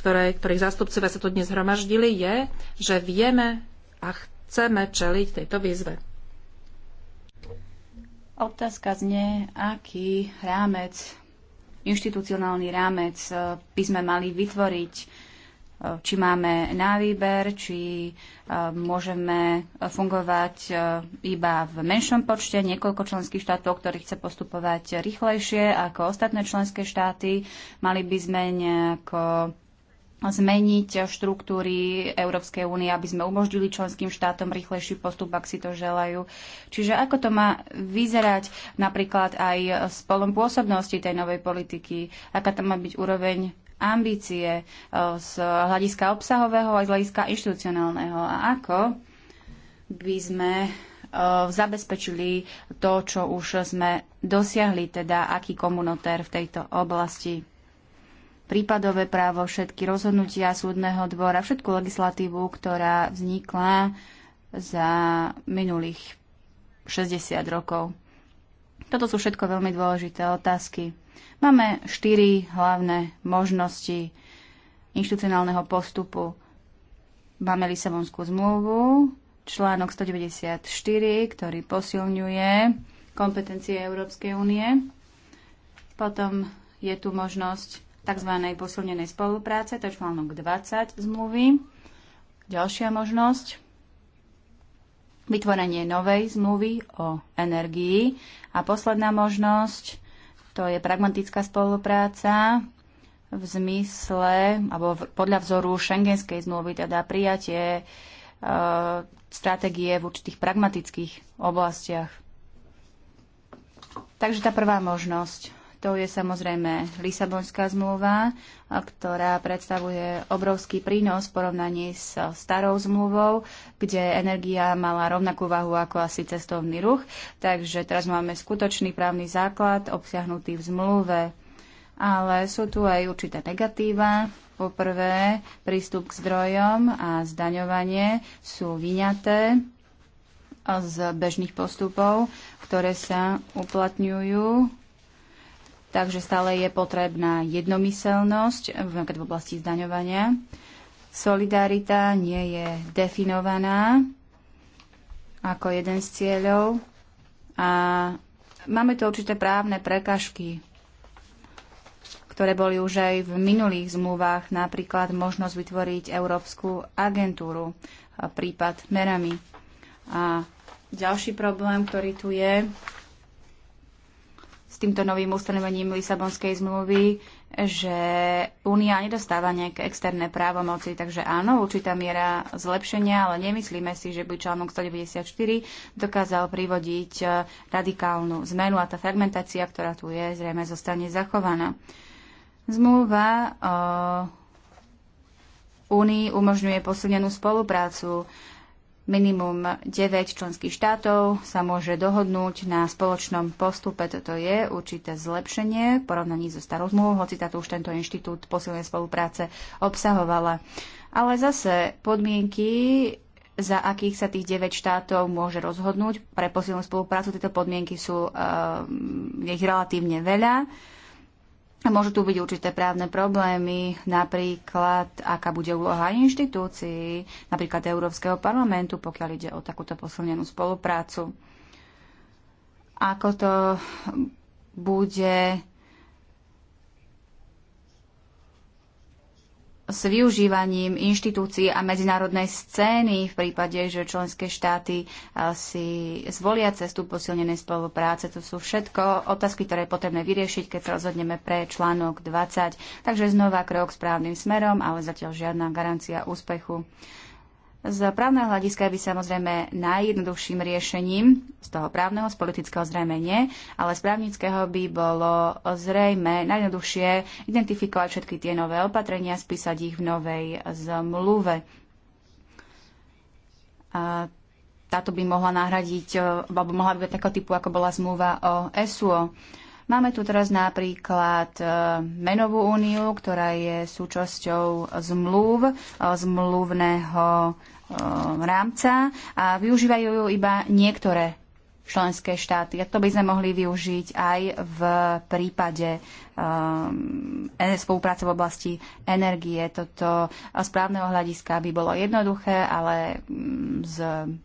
ktoré, ktorých zástupcovia sa tu dnes zhromaždili, je, že vieme a chceme čeliť tejto výzve. Otázka znie, aký rámec, inštitucionálny rámec eh, by sme mali vytvoriť, eh, či máme na výber, či eh, môžeme fungovať iba v menšom počte niekoľko členských štátov, ktorí chce postupovať rýchlejšie ako ostatné členské štáty. Mali by sme nejako zmeniť štruktúry Európskej únie, aby sme umožnili členským štátom rýchlejší postup, ak si to želajú. Čiže ako to má vyzerať napríklad aj s polom pôsobnosti tej novej politiky, aká tam má byť úroveň ambície e, z hľadiska obsahového aj z hľadiska inštitucionálneho a ako by sme e, zabezpečili to, čo už sme dosiahli, teda aký komunotér v tejto oblasti prípadové právo, všetky rozhodnutia súdneho dvora, všetku legislatívu, ktorá vznikla za minulých 60 rokov. Toto sú všetko veľmi dôležité otázky. Máme štyri hlavné možnosti inštitucionálneho postupu. Máme Lisabonskú zmluvu, článok 194, ktorý posilňuje kompetencie Európskej únie. Potom je tu možnosť tzv. posilnenej spolupráce, to je článok 20 zmluvy. Ďalšia možnosť vytvorenie novej zmluvy o energii. A posledná možnosť, to je pragmatická spolupráca v zmysle, alebo podľa vzoru šengenskej zmluvy, teda prijatie e, stratégie v určitých pragmatických oblastiach. Takže tá prvá možnosť. To je samozrejme Lisabonská zmluva, ktorá predstavuje obrovský prínos v porovnaní s starou zmluvou, kde energia mala rovnakú váhu ako asi cestovný ruch. Takže teraz máme skutočný právny základ obsiahnutý v zmluve. Ale sú tu aj určité negatíva. Poprvé, prístup k zdrojom a zdaňovanie sú vyňaté z bežných postupov, ktoré sa uplatňujú takže stále je potrebná jednomyselnosť, v oblasti zdaňovania. Solidarita nie je definovaná ako jeden z cieľov a máme tu určité právne prekažky, ktoré boli už aj v minulých zmluvách, napríklad možnosť vytvoriť Európsku agentúru, prípad Merami. A ďalší problém, ktorý tu je, s týmto novým ustanovením Lisabonskej zmluvy, že Únia nedostáva nejaké externé právomoci, takže áno, určitá miera zlepšenia, ale nemyslíme si, že by článok 194 dokázal privodiť e, radikálnu zmenu a tá fragmentácia, ktorá tu je, zrejme zostane zachovaná. Zmluva o e, Únii umožňuje posunenú spoluprácu Minimum 9 členských štátov sa môže dohodnúť na spoločnom postupe. Toto je určité zlepšenie v porovnaní so starou zmluvou, hoci táto už tento inštitút posilnej spolupráce obsahovala. Ale zase podmienky za akých sa tých 9 štátov môže rozhodnúť. Pre posilnú spoluprácu tieto podmienky sú uh, ich relatívne veľa. Uh, a môžu tu byť určité právne problémy, napríklad aká bude úloha inštitúcií, napríklad Európskeho parlamentu, pokiaľ ide o takúto posilnenú spoluprácu. Ako to bude s využívaním inštitúcií a medzinárodnej scény v prípade, že členské štáty eh, si zvolia cestu posilnenej spolupráce. To sú všetko otázky, ktoré je potrebné vyriešiť, keď sa rozhodneme pre článok 20. Takže znova krok správnym smerom, ale zatiaľ žiadna garancia úspechu. Z právneho hľadiska by samozrejme najjednoduchším riešením, z toho právneho, z politického zrejme nie, ale z právnického by bolo zrejme najjednoduchšie identifikovať všetky tie nové opatrenia, spísať ich v novej zmluve. A táto by mohla nahradiť, alebo mohla by byť takého typu, ako bola zmluva o SUO. Máme tu teraz napríklad e, menovú úniu, ktorá je súčasťou zmluv, e, zmluvného e, rámca a využívajú ju iba niektoré členské štáty. A to by sme mohli využiť aj v prípade um, spolupráce v oblasti energie. Toto z právneho hľadiska by bolo jednoduché, ale mm, z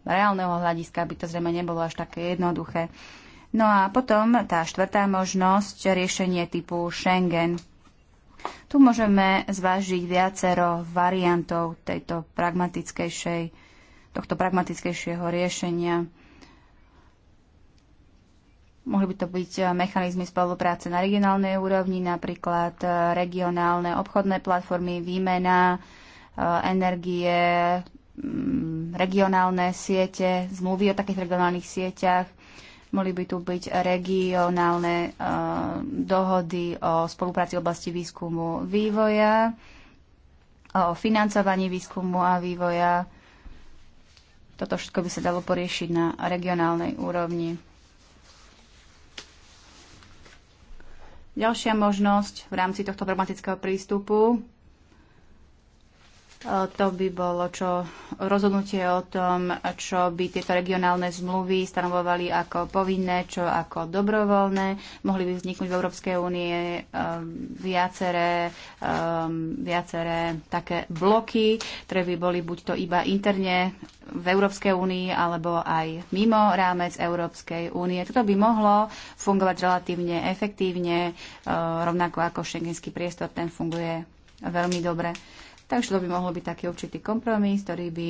reálneho hľadiska by to zrejme nebolo až také jednoduché. Uh, No a potom tá štvrtá možnosť, riešenie typu Schengen. Tu môžeme zvážiť viacero variantov tejto pragmatickejšej, tohto pragmatickejšieho riešenia. Mohli by to byť mechanizmy spolupráce na regionálnej úrovni, napríklad regionálne obchodné platformy, výmena eh, energie, mm, regionálne siete, zmluvy o takých regionálnych sieťach, Mohli by tu byť regionálne e, dohody o spolupráci v oblasti výskumu vývoja, o financovaní výskumu a vývoja. Toto všetko by sa dalo poriešiť na regionálnej úrovni. Ďalšia možnosť v rámci tohto problematického prístupu to by bolo čo rozhodnutie o tom, čo by tieto regionálne zmluvy stanovovali ako povinné, čo ako dobrovoľné. Mohli by vzniknúť v Európskej únie ehm, viaceré, ehm, viaceré také bloky, ktoré by boli buď to iba interne v Európskej únii alebo aj mimo rámec Európskej únie. Toto by mohlo fungovať relatívne efektívne, ehm, rovnako ako šengenský priestor, ten funguje veľmi dobre. Takže to by mohol byť taký určitý kompromis, ktorý by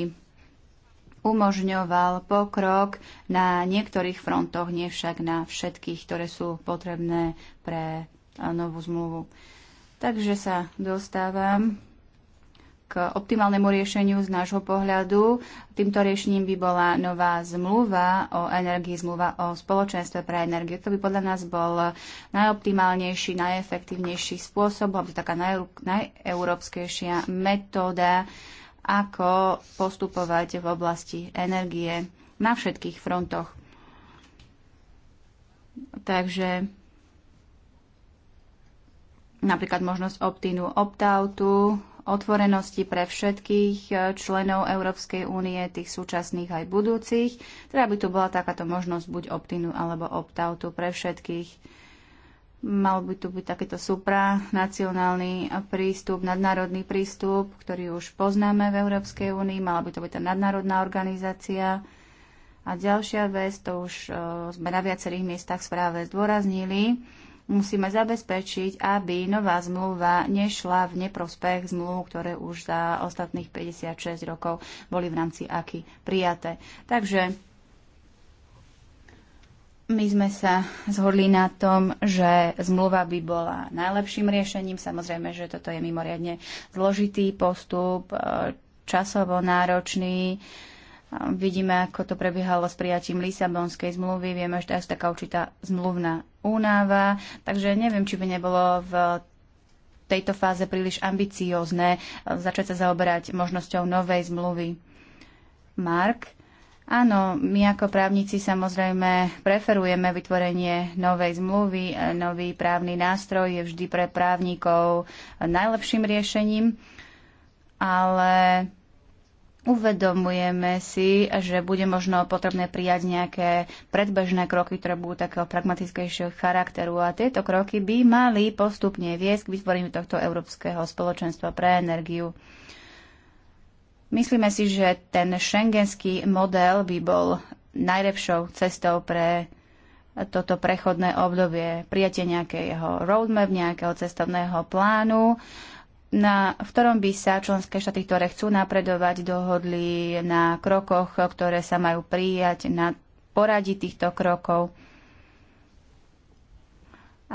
umožňoval pokrok na niektorých frontoch, nie však na všetkých, ktoré sú potrebné pre eh, novú zmluvu. Takže sa dostávam k optimálnemu riešeniu z nášho pohľadu. Týmto riešením by bola nová zmluva o energii, zmluva o spoločenstve pre energiu. To by podľa nás bol najoptimálnejší, najefektívnejší spôsob, alebo taká najeurópskejšia metóda, ako postupovať v oblasti energie na všetkých frontoch. Takže napríklad možnosť opt-inu, opt-outu, otvorenosti pre všetkých e, členov Európskej únie, tých súčasných aj budúcich, teda by tu bola takáto možnosť buď optinu alebo opt-outu pre všetkých. Mal by tu byť takýto supranacionálny prístup, nadnárodný prístup, ktorý už poznáme v Európskej únii. Mala by to byť tá nadnárodná organizácia. A ďalšia vec, to už e, sme na viacerých miestach správe zdôraznili, musíme zabezpečiť, aby nová zmluva nešla v neprospech zmluv, ktoré už za ostatných 56 rokov boli v rámci AKI prijaté. Takže my sme sa zhodli na tom, že zmluva by bola najlepším riešením. Samozrejme, že toto je mimoriadne zložitý postup, e, časovo náročný. Uh, Vidíme, ako to prebiehalo s prijatím Lisabonskej zmluvy. Vieme, že teraz taká určitá zmluvná únava. Takže neviem, či by nebolo v tejto fáze príliš ambiciózne eh, začať sa zaoberať možnosťou novej zmluvy. Mark? Áno, my ako právnici samozrejme preferujeme vytvorenie novej zmluvy. Eh, nový právny nástroj je vždy pre právnikov najlepším riešením, ale Uvedomujeme si, že bude možno potrebné prijať nejaké predbežné kroky, ktoré budú takého pragmatickejšieho charakteru a tieto kroky by mali postupne viesť k vytvoreniu tohto Európskeho spoločenstva pre energiu. Myslíme si, že ten šengenský model by bol najlepšou cestou pre toto prechodné obdobie, prijatie nejakého roadmap, nejakého cestovného plánu, na, v ktorom by sa členské štáty, ktoré chcú napredovať, dohodli na krokoch, ktoré sa majú prijať, na poradí týchto krokov.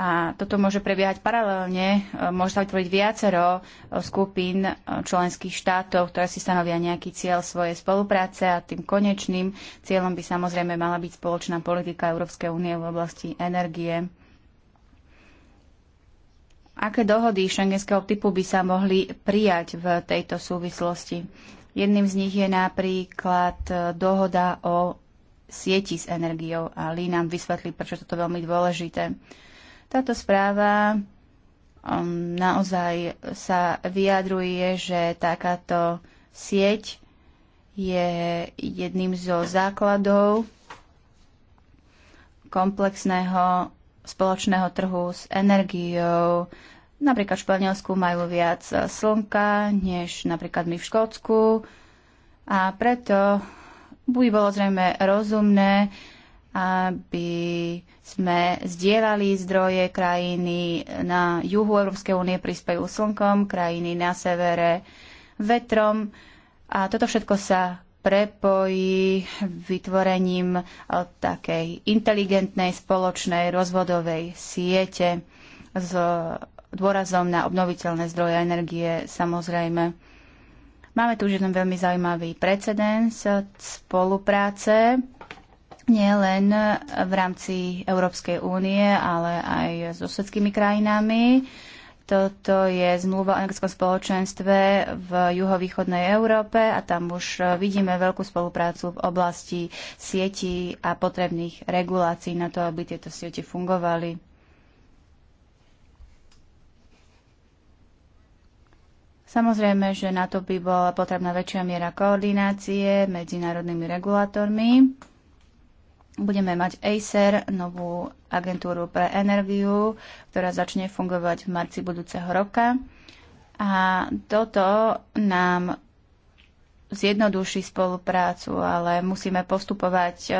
A toto môže prebiehať paralelne, e, môže sa vytvoriť viacero e, skupín e, členských štátov, ktoré si stanovia nejaký cieľ svojej spolupráce a tým konečným cieľom by samozrejme mala byť spoločná politika Európskej únie v oblasti energie. Aké dohody šengenského typu by sa mohli prijať v tejto súvislosti? Jedným z nich je napríklad e, dohoda o sieti s energiou a Lí nám vysvetlí, prečo toto je veľmi dôležité. Táto správa um, naozaj sa vyjadruje, že takáto sieť je jedným zo základov komplexného spoločného trhu s energiou. Napríklad v Španielsku majú viac slnka než napríklad my v Škótsku a preto by bolo zrejme rozumné, aby sme zdieľali zdroje krajiny na juhu Európskej únie prispejú slnkom, krajiny na severe vetrom. A toto všetko sa prepojí vytvorením e, takej inteligentnej spoločnej rozvodovej siete s dôrazom na obnoviteľné zdroje energie samozrejme. Máme tu už jeden veľmi zaujímavý precedens spolupráce nielen v rámci Európskej únie, ale aj s so susedskými krajinami. Toto je zmluva o energetickom spoločenstve v juhovýchodnej Európe a tam už e, vidíme veľkú spoluprácu v oblasti sietí a potrebných regulácií na to, aby tieto siete fungovali. Samozrejme, že na to by bola potrebná väčšia miera koordinácie medzinárodnými regulátormi budeme mať Acer, novú agentúru pre energiu, ktorá začne fungovať v marci budúceho roka. A toto nám zjednoduší spoluprácu, ale musíme postupovať e,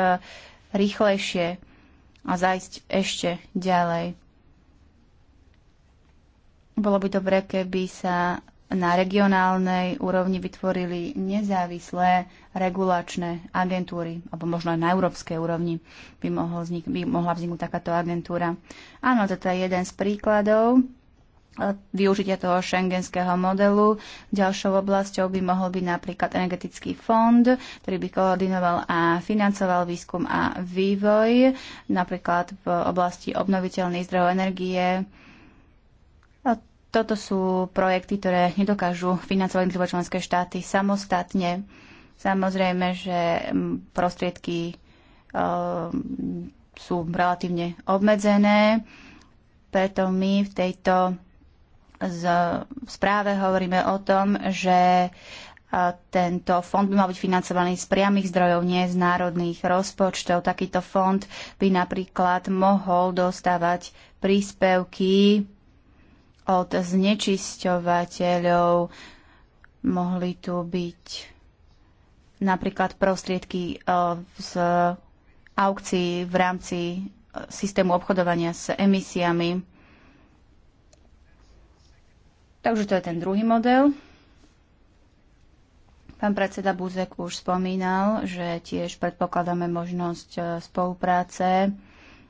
rýchlejšie a zajsť ešte ďalej. Bolo by dobre, keby sa na regionálnej úrovni vytvorili nezávislé regulačné agentúry, alebo možno aj na európskej úrovni by, mohol vznik- by mohla vzniknúť takáto agentúra. Áno, toto je jeden z príkladov e, využitia toho šengenského modelu. Ďalšou oblasťou by mohol byť napríklad energetický fond, ktorý by koordinoval a financoval výskum a vývoj, napríklad v oblasti obnoviteľných zdrojov energie, toto sú projekty, ktoré nedokážu financovať jednotlivé členské štáty samostatne. Samozrejme, že mm, prostriedky uh, sú relatívne obmedzené, preto my v tejto z, správe hovoríme o tom, že eh, tento fond by mal byť financovaný z priamých zdrojov, nie z národných rozpočtov. Takýto fond by napríklad mohol dostávať príspevky od znečisťovateľov. Mohli tu byť napríklad prostriedky e, z aukcií v rámci e, systému obchodovania s emisiami. Takže to je ten druhý model. Pán predseda Buzek už spomínal, že tiež predpokladáme možnosť e, spolupráce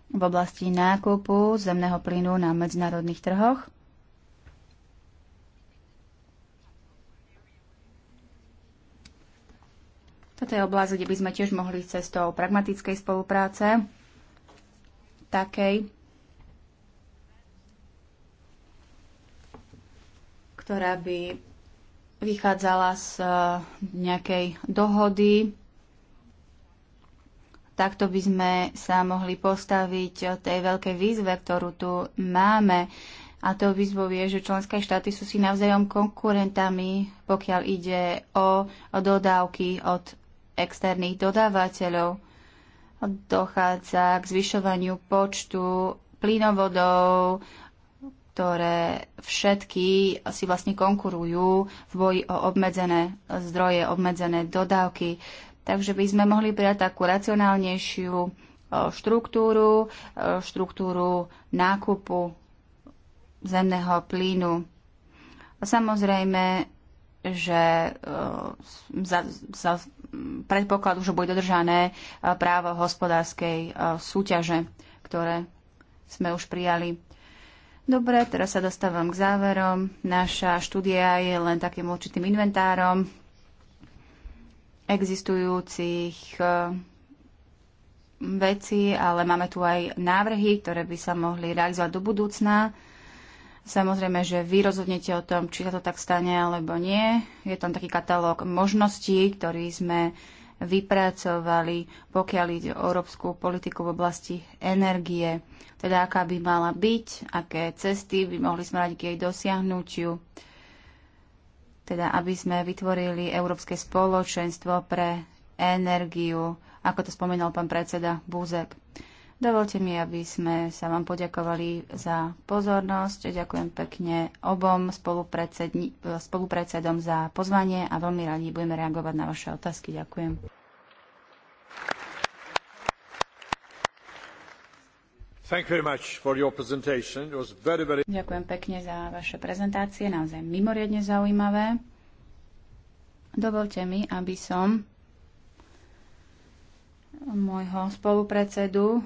v oblasti nákupu zemného plynu na medzinárodných trhoch. Toto je oblasť, kde by sme tiež mohli cestou pragmatickej spolupráce, takej, ktorá by vychádzala z eh, nejakej dohody. Takto by sme sa mohli postaviť eh, tej veľkej výzve, ktorú tu máme. A to výzvou je, že členské štáty sú si navzájom konkurentami, pokiaľ ide o, o dodávky od externých dodávateľov. Dochádza k zvyšovaniu počtu plynovodov, ktoré všetky si vlastne konkurujú v boji o obmedzené zdroje, obmedzené dodávky. Takže by sme mohli prijať takú racionálnejšiu štruktúru, štruktúru nákupu zemného plynu. Samozrejme, že za, za, predpokladu, že bude dodržané e, právo hospodárskej e, súťaže, ktoré sme už prijali. Dobre, teraz sa dostávam k záverom. Naša štúdia je len takým určitým inventárom existujúcich e, vecí, ale máme tu aj návrhy, ktoré by sa mohli realizovať do budúcna. Samozrejme, že vy rozhodnete o tom, či sa to tak stane alebo nie. Je tam taký katalóg možností, ktorý sme vypracovali, pokiaľ ide o európsku politiku v oblasti energie. Teda aká by mala byť, aké cesty by mohli sme smerať k jej dosiahnutiu. Teda aby sme vytvorili Európske spoločenstvo pre energiu, ako to spomenul pán predseda Búzek. Dovolte mi, aby sme sa vám poďakovali za pozornosť. Ďakujem pekne obom spolupredsedom za pozvanie a veľmi radi budeme reagovať na vaše otázky. Ďakujem. Very, very... Ďakujem pekne za vaše prezentácie, naozaj mimoriadne zaujímavé. Dovolte mi, aby som môjho spolupredsedu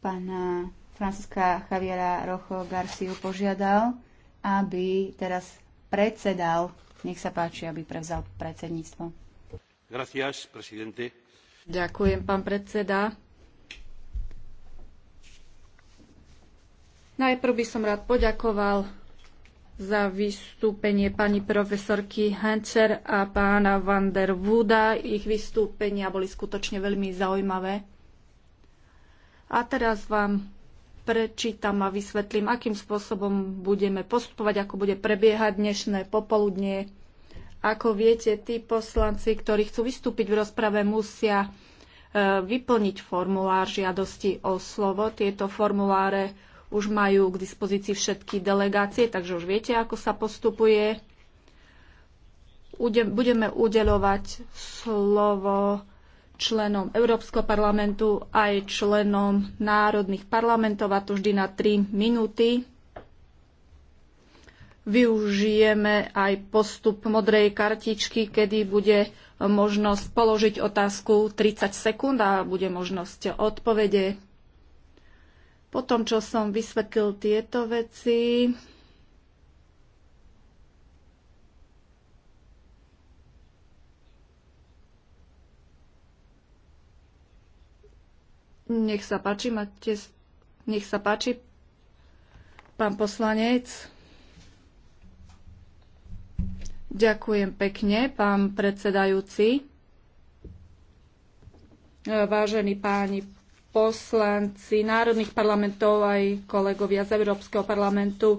pána Franciska Javiera Rocho Garciu požiadal, aby teraz predsedal. Nech sa páči, aby prevzal predsedníctvo. Gracias, presidente. Ďakujem, pán predseda. Najprv by som rád poďakoval za vystúpenie pani profesorky Hancher a pána Van der Wooda. Ich vystúpenia boli skutočne veľmi zaujímavé. A teraz vám prečítam a vysvetlím, akým spôsobom budeme postupovať, ako bude prebiehať dnešné popoludnie. Ako viete, tí poslanci, ktorí chcú vystúpiť v rozprave, musia e, vyplniť formulár žiadosti o slovo. Tieto formuláre už majú k dispozícii všetky delegácie, takže už viete, ako sa postupuje. Budeme udelovať slovo členom Európskeho parlamentu aj členom národných parlamentov, a to vždy na 3 minúty. Využijeme aj postup modrej kartičky, kedy bude možnosť položiť otázku 30 sekúnd a bude možnosť odpovede. Potom, tom, čo som vysvetlil tieto veci, Nech sa páči, máte... Nech sa páči, pán poslanec. Ďakujem pekne, pán predsedajúci. E, vážení páni poslanci národných parlamentov aj kolegovia z Európskeho parlamentu,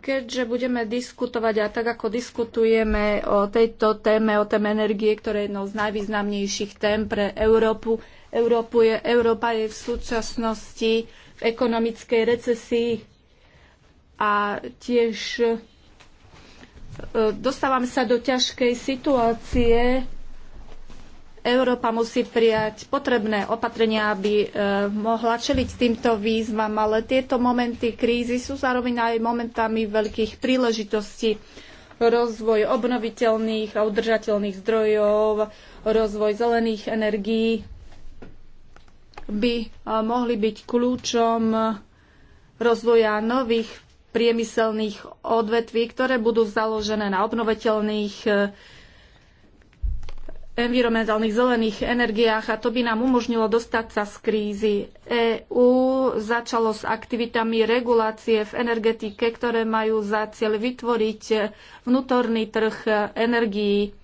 keďže budeme diskutovať a tak ako diskutujeme o tejto téme, o téme energie, ktorá je jednou z najvýznamnejších tém pre Európu. Európu je, Európa je v súčasnosti v ekonomickej recesii a tiež e, dostávame sa do ťažkej situácie, Európa musí prijať potrebné opatrenia, aby e, mohla čeliť týmto výzvam, ale tieto momenty krízy sú zároveň aj momentami veľkých príležitostí. Rozvoj obnoviteľných a udržateľných zdrojov, rozvoj zelených energií by e, mohli byť kľúčom rozvoja nových priemyselných odvetví, ktoré budú založené na obnoviteľných e, environmentálnych zelených energiách a to by nám umožnilo dostať sa z krízy. EÚ začalo s aktivitami regulácie v energetike, ktoré majú za cieľ vytvoriť vnútorný trh energií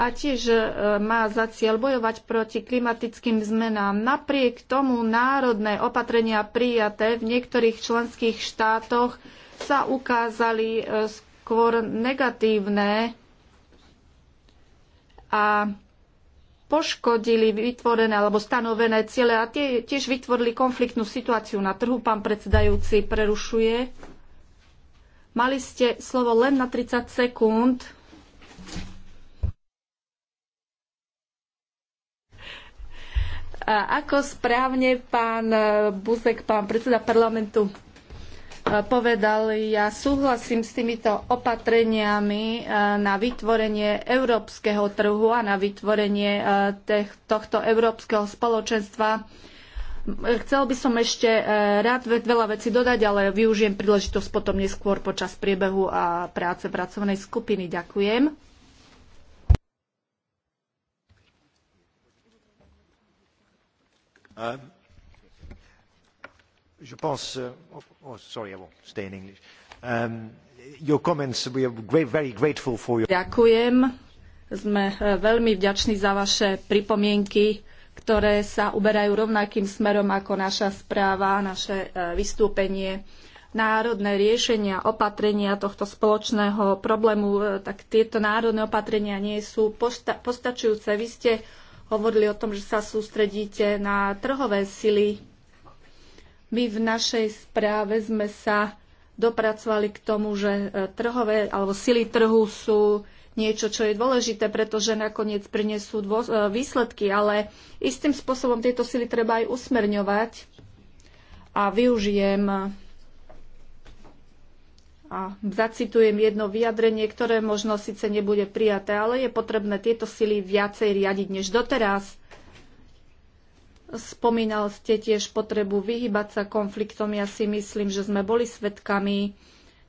a tiež e, má za cieľ bojovať proti klimatickým zmenám. Napriek tomu národné opatrenia prijaté v niektorých členských štátoch sa ukázali e, skôr negatívne a poškodili vytvorené alebo stanovené ciele a tie tiež vytvorili konfliktnú situáciu na trhu. Pán predsedajúci prerušuje. Mali ste slovo len na 30 sekúnd. A ako správne pán Buzek, pán predseda parlamentu povedal, ja súhlasím s týmito opatreniami e, na vytvorenie európskeho trhu a na vytvorenie e, tohto európskeho spoločenstva. Chcel by som ešte e, rád veľa vecí dodať, ale využijem príležitosť potom neskôr počas priebehu a práce pracovnej skupiny. Ďakujem. Uh, je pense, oh, oh, sorry, I won't stay in English. Um, your comments, we are great, very grateful for your... Ďakujem. Sme eh, veľmi vďační za vaše pripomienky, ktoré sa uberajú rovnakým smerom ako naša správa, naše eh, vystúpenie. Národné riešenia, opatrenia tohto spoločného problému, eh, tak tieto národné opatrenia nie sú posta- postačujúce. Vy ste hovorili o tom, že sa sústredíte na trhové sily my v našej správe sme sa dopracovali k tomu, že e, trhové alebo sily trhu sú niečo, čo je dôležité, pretože nakoniec prinesú e, výsledky, ale istým spôsobom tieto sily treba aj usmerňovať a využijem a zacitujem jedno vyjadrenie, ktoré možno síce nebude prijaté, ale je potrebné tieto sily viacej riadiť než doteraz. Spomínal ste tiež potrebu vyhybať sa konfliktom. Ja si myslím, že sme boli svedkami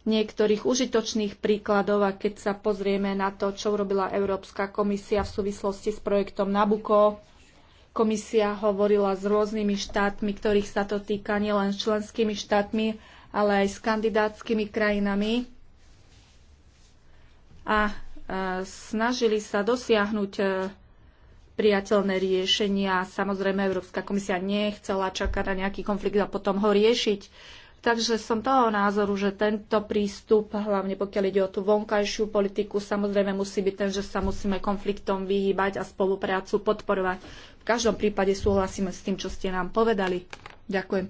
niektorých užitočných príkladov a keď sa pozrieme na to, čo urobila Európska komisia v súvislosti s projektom Nabucco, komisia hovorila s rôznymi štátmi, ktorých sa to týka nielen s členskými štátmi, ale aj s kandidátskymi krajinami a e, snažili sa dosiahnuť e, priateľné riešenia. Samozrejme, Európska komisia nechcela čakať na nejaký konflikt a potom ho riešiť. Takže som toho názoru, že tento prístup, hlavne pokiaľ ide o tú vonkajšiu politiku, samozrejme musí byť ten, že sa musíme konfliktom vyhýbať a spoluprácu podporovať. V každom prípade súhlasíme s tým, čo ste nám povedali. Ďakujem.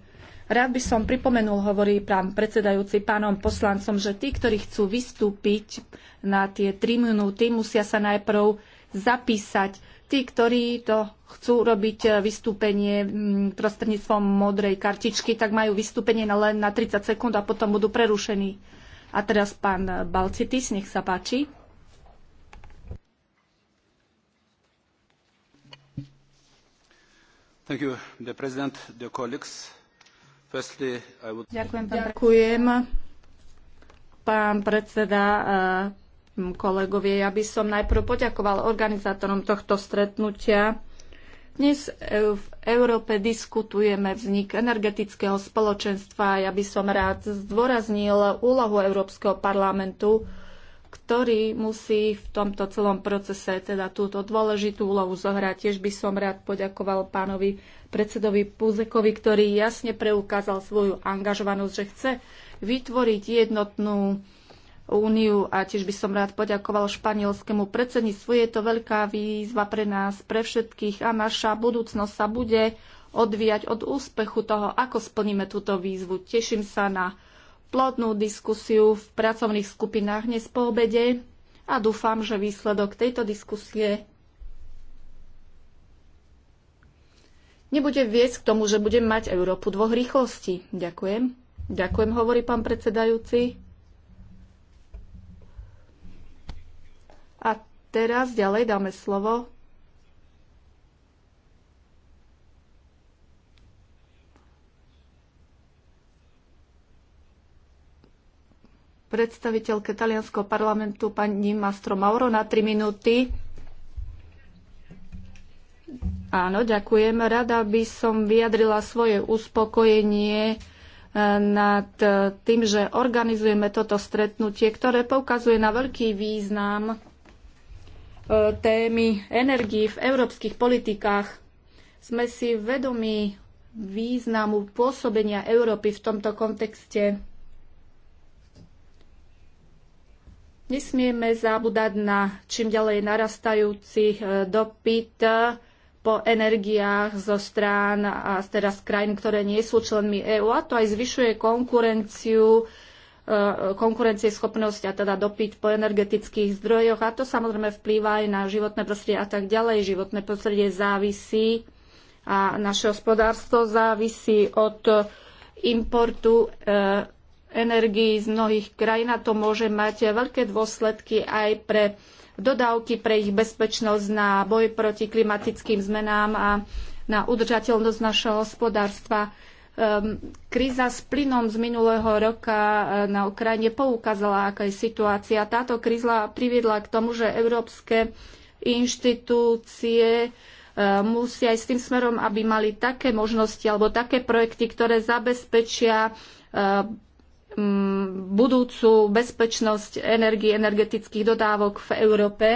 Rád by som pripomenul, hovorí pán predsedajúci pánom poslancom, že tí, ktorí chcú vystúpiť na tie tri minúty, musia sa najprv zapísať tí, ktorí to chcú robiť eh, vystúpenie mm, prostredníctvom modrej kartičky, tak majú vystúpenie len na 30 sekúnd a potom budú prerušení. A teraz pán Balcitis, nech sa páči. Thank you, the president, the colleagues. Firstly, I would... Ďakujem, pán, Ďakujem, pán predseda eh, kolegovie. Ja by som najprv poďakoval organizátorom tohto stretnutia. Dnes e, v Európe diskutujeme vznik energetického spoločenstva. Ja by som rád zdôraznil úlohu Európskeho parlamentu, ktorý musí v tomto celom procese teda túto dôležitú úlohu zohrať. Tiež by som rád poďakoval pánovi predsedovi Puzekovi, ktorý jasne preukázal svoju angažovanosť, že chce vytvoriť jednotnú úniu a tiež by som rád poďakoval španielskému predsedníctvu. Je to veľká výzva pre nás, pre všetkých a naša budúcnosť sa bude odvíjať od úspechu toho, ako splníme túto výzvu. Teším sa na plodnú diskusiu v pracovných skupinách dnes po obede a dúfam, že výsledok tejto diskusie nebude viesť k tomu, že budem mať Európu dvoch rýchlostí. Ďakujem. Ďakujem, hovorí pán predsedajúci. Teraz ďalej dáme slovo predstaviteľke talianského parlamentu pani Mastro Mauro na 3 minúty. Áno, ďakujem. Rada by som vyjadrila svoje uspokojenie eh, nad eh, tým, že organizujeme toto stretnutie, ktoré poukazuje na veľký význam E, témy energií v európskych politikách. Sme si vedomi významu pôsobenia Európy v tomto kontexte. Nesmieme zabúdať na čím ďalej narastajúci e, dopyt e, po energiách zo strán a teraz z krajín, ktoré nie sú členmi EÚ a to aj zvyšuje konkurenciu E, konkurencieschopnosť a teda dopyt po energetických zdrojoch a to samozrejme vplýva aj na životné prostredie a tak ďalej. Životné prostredie závisí a naše hospodárstvo závisí od importu e, energií z mnohých krajín a to môže mať veľké dôsledky aj pre dodávky, pre ich bezpečnosť na boj proti klimatickým zmenám a na udržateľnosť našeho hospodárstva. Kríza s plynom z minulého roka e, na Ukrajine poukázala, aká je situácia. Táto kríza priviedla k tomu, že európske inštitúcie e, musia aj s tým smerom, aby mali také možnosti alebo také projekty, ktoré zabezpečia e, budúcu bezpečnosť energii, energetických dodávok v Európe.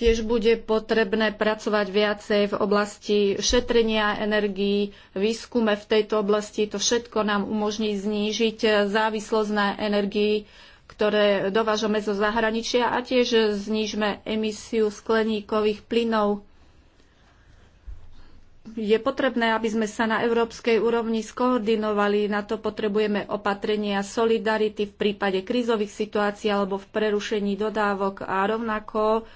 Tiež bude potrebné pracovať viacej v oblasti šetrenia energií, výskume v tejto oblasti. To všetko nám umožní znížiť závislosť na energii, ktoré dovážame zo zahraničia a tiež znížme emisiu skleníkových plynov. Je potrebné, aby sme sa na európskej úrovni skoordinovali. Na to potrebujeme opatrenia solidarity v prípade krízových situácií alebo v prerušení dodávok a rovnako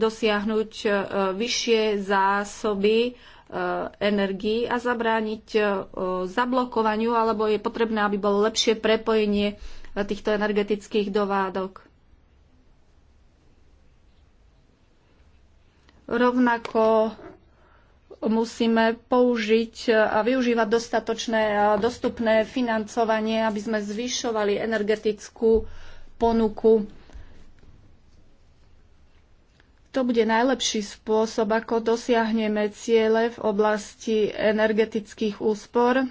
dosiahnuť e, vyššie zásoby e, energii a zabrániť e, zablokovaniu, alebo je potrebné, aby bolo lepšie prepojenie týchto energetických dovádok. Rovnako musíme použiť a využívať dostatočné dostupné financovanie, aby sme zvyšovali energetickú ponuku to bude najlepší spôsob, ako dosiahneme ciele v oblasti energetických úspor.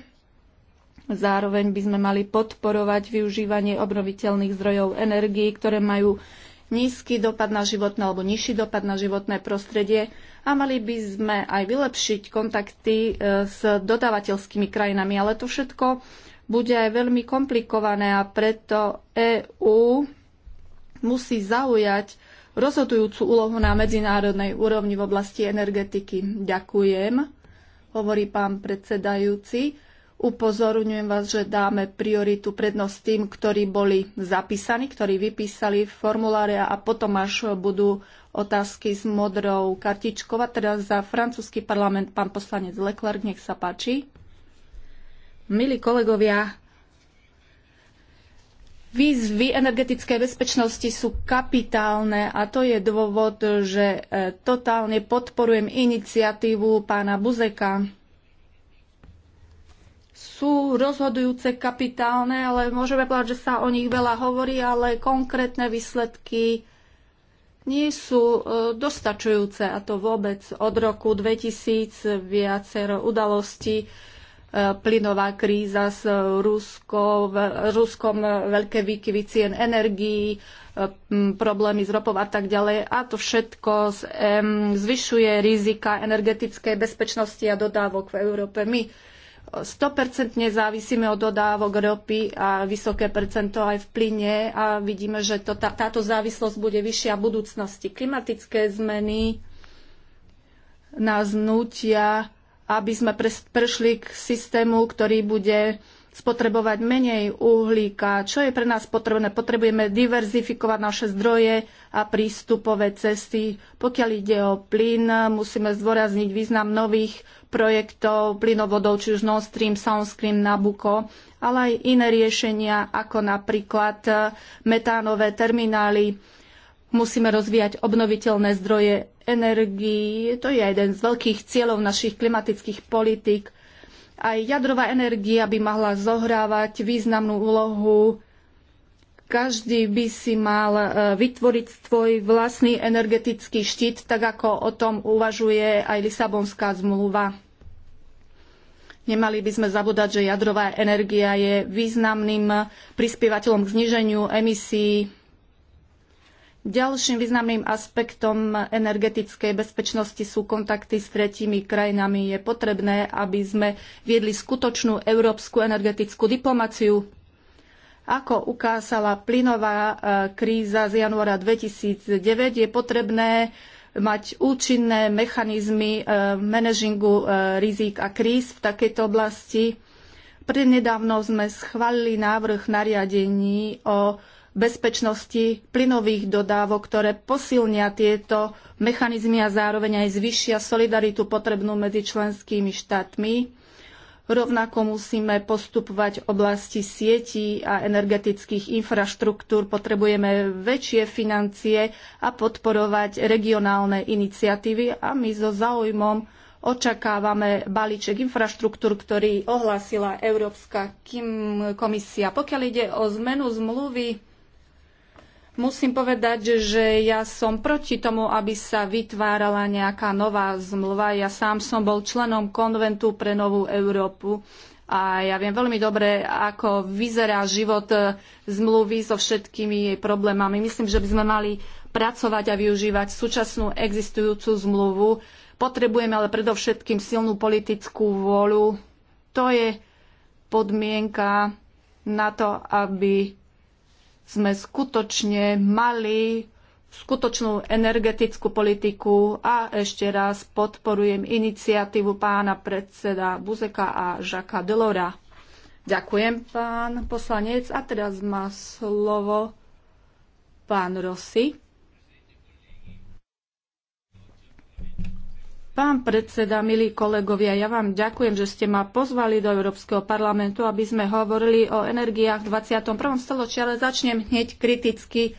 Zároveň by sme mali podporovať využívanie obnoviteľných zdrojov energií, ktoré majú nízky dopad na životné alebo nižší dopad na životné prostredie a mali by sme aj vylepšiť kontakty e, s dodávateľskými krajinami. Ale to všetko bude aj veľmi komplikované a preto EÚ musí zaujať rozhodujúcu úlohu na medzinárodnej úrovni v oblasti energetiky. Ďakujem, hovorí pán predsedajúci. Upozorňujem vás, že dáme prioritu prednosť tým, ktorí boli zapísaní, ktorí vypísali v formuláre a potom až budú otázky s modrou kartičkou. A teraz za francúzsky parlament pán poslanec Leclerc, nech sa páči. Milí kolegovia, Výzvy energetickej bezpečnosti sú kapitálne a to je dôvod, že e, totálne podporujem iniciatívu pána Buzeka. Sú rozhodujúce kapitálne, ale môžeme povedať, že sa o nich veľa hovorí, ale konkrétne výsledky nie sú e, dostačujúce a to vôbec od roku 2000 viacero udalostí plynová kríza s Rusko, Ruskom, veľké výkyvy cien energií, e, problémy s ropou a tak ďalej. A to všetko zvyšuje rizika energetickej bezpečnosti a dodávok v Európe. My 100% e, závisíme od dodávok ropy a vysoké percento aj v plyne a vidíme, že to, tá, táto závislosť bude vyššia v budúcnosti. Klimatické zmeny nás nutia aby sme prešli k systému, ktorý bude spotrebovať menej uhlíka. Čo je pre nás potrebné? Potrebujeme diverzifikovať naše zdroje a prístupové cesty. Pokiaľ ide o plyn, musíme zdôrazniť význam nových projektov plynovodov, či už Nord Stream, South Stream, Nabucco, ale aj iné riešenia, ako napríklad metánové terminály Musíme rozvíjať obnoviteľné zdroje energií. To je jeden z veľkých cieľov našich klimatických politík. Aj jadrová energia by mohla zohrávať významnú úlohu. Každý by si mal e, vytvoriť svoj vlastný energetický štít, tak ako o tom uvažuje aj Lisabonská zmluva. Nemali by sme zabúdať, že jadrová energia je významným prispievateľom k zniženiu emisí Ďalším významným aspektom energetickej bezpečnosti sú kontakty s tretími krajinami. Je potrebné, aby sme viedli skutočnú európsku energetickú diplomáciu. Ako ukázala plynová e, kríza z januára 2009, je potrebné mať účinné mechanizmy e, manažingu e, rizík a kríz v takejto oblasti. Prednedávno sme schválili návrh nariadení o bezpečnosti plynových dodávok, ktoré posilnia tieto mechanizmy a zároveň aj zvyšia solidaritu potrebnú medzi členskými štátmi. Rovnako musíme postupovať v oblasti sietí a energetických infraštruktúr. Potrebujeme väčšie financie a podporovať regionálne iniciatívy a my so záujmom očakávame balíček infraštruktúr, ktorý ohlásila Európska komisia. Pokiaľ ide o zmenu zmluvy Musím povedať, že ja som proti tomu, aby sa vytvárala nejaká nová zmluva. Ja sám som bol členom konventu pre novú Európu a ja viem veľmi dobre, ako vyzerá život eh, zmluvy so všetkými jej problémami. Myslím, že by sme mali pracovať a využívať súčasnú existujúcu zmluvu. Potrebujeme ale predovšetkým silnú politickú vôľu. To je podmienka na to, aby sme skutočne mali skutočnú energetickú politiku a ešte raz podporujem iniciatívu pána predseda Buzeka a Žaka Delora. Ďakujem, pán poslanec. A teraz má slovo pán Rossi. Pán predseda, milí kolegovia, ja vám ďakujem, že ste ma pozvali do Európskeho parlamentu, aby sme hovorili o energiách v 21. storočí, ale začnem hneď kriticky.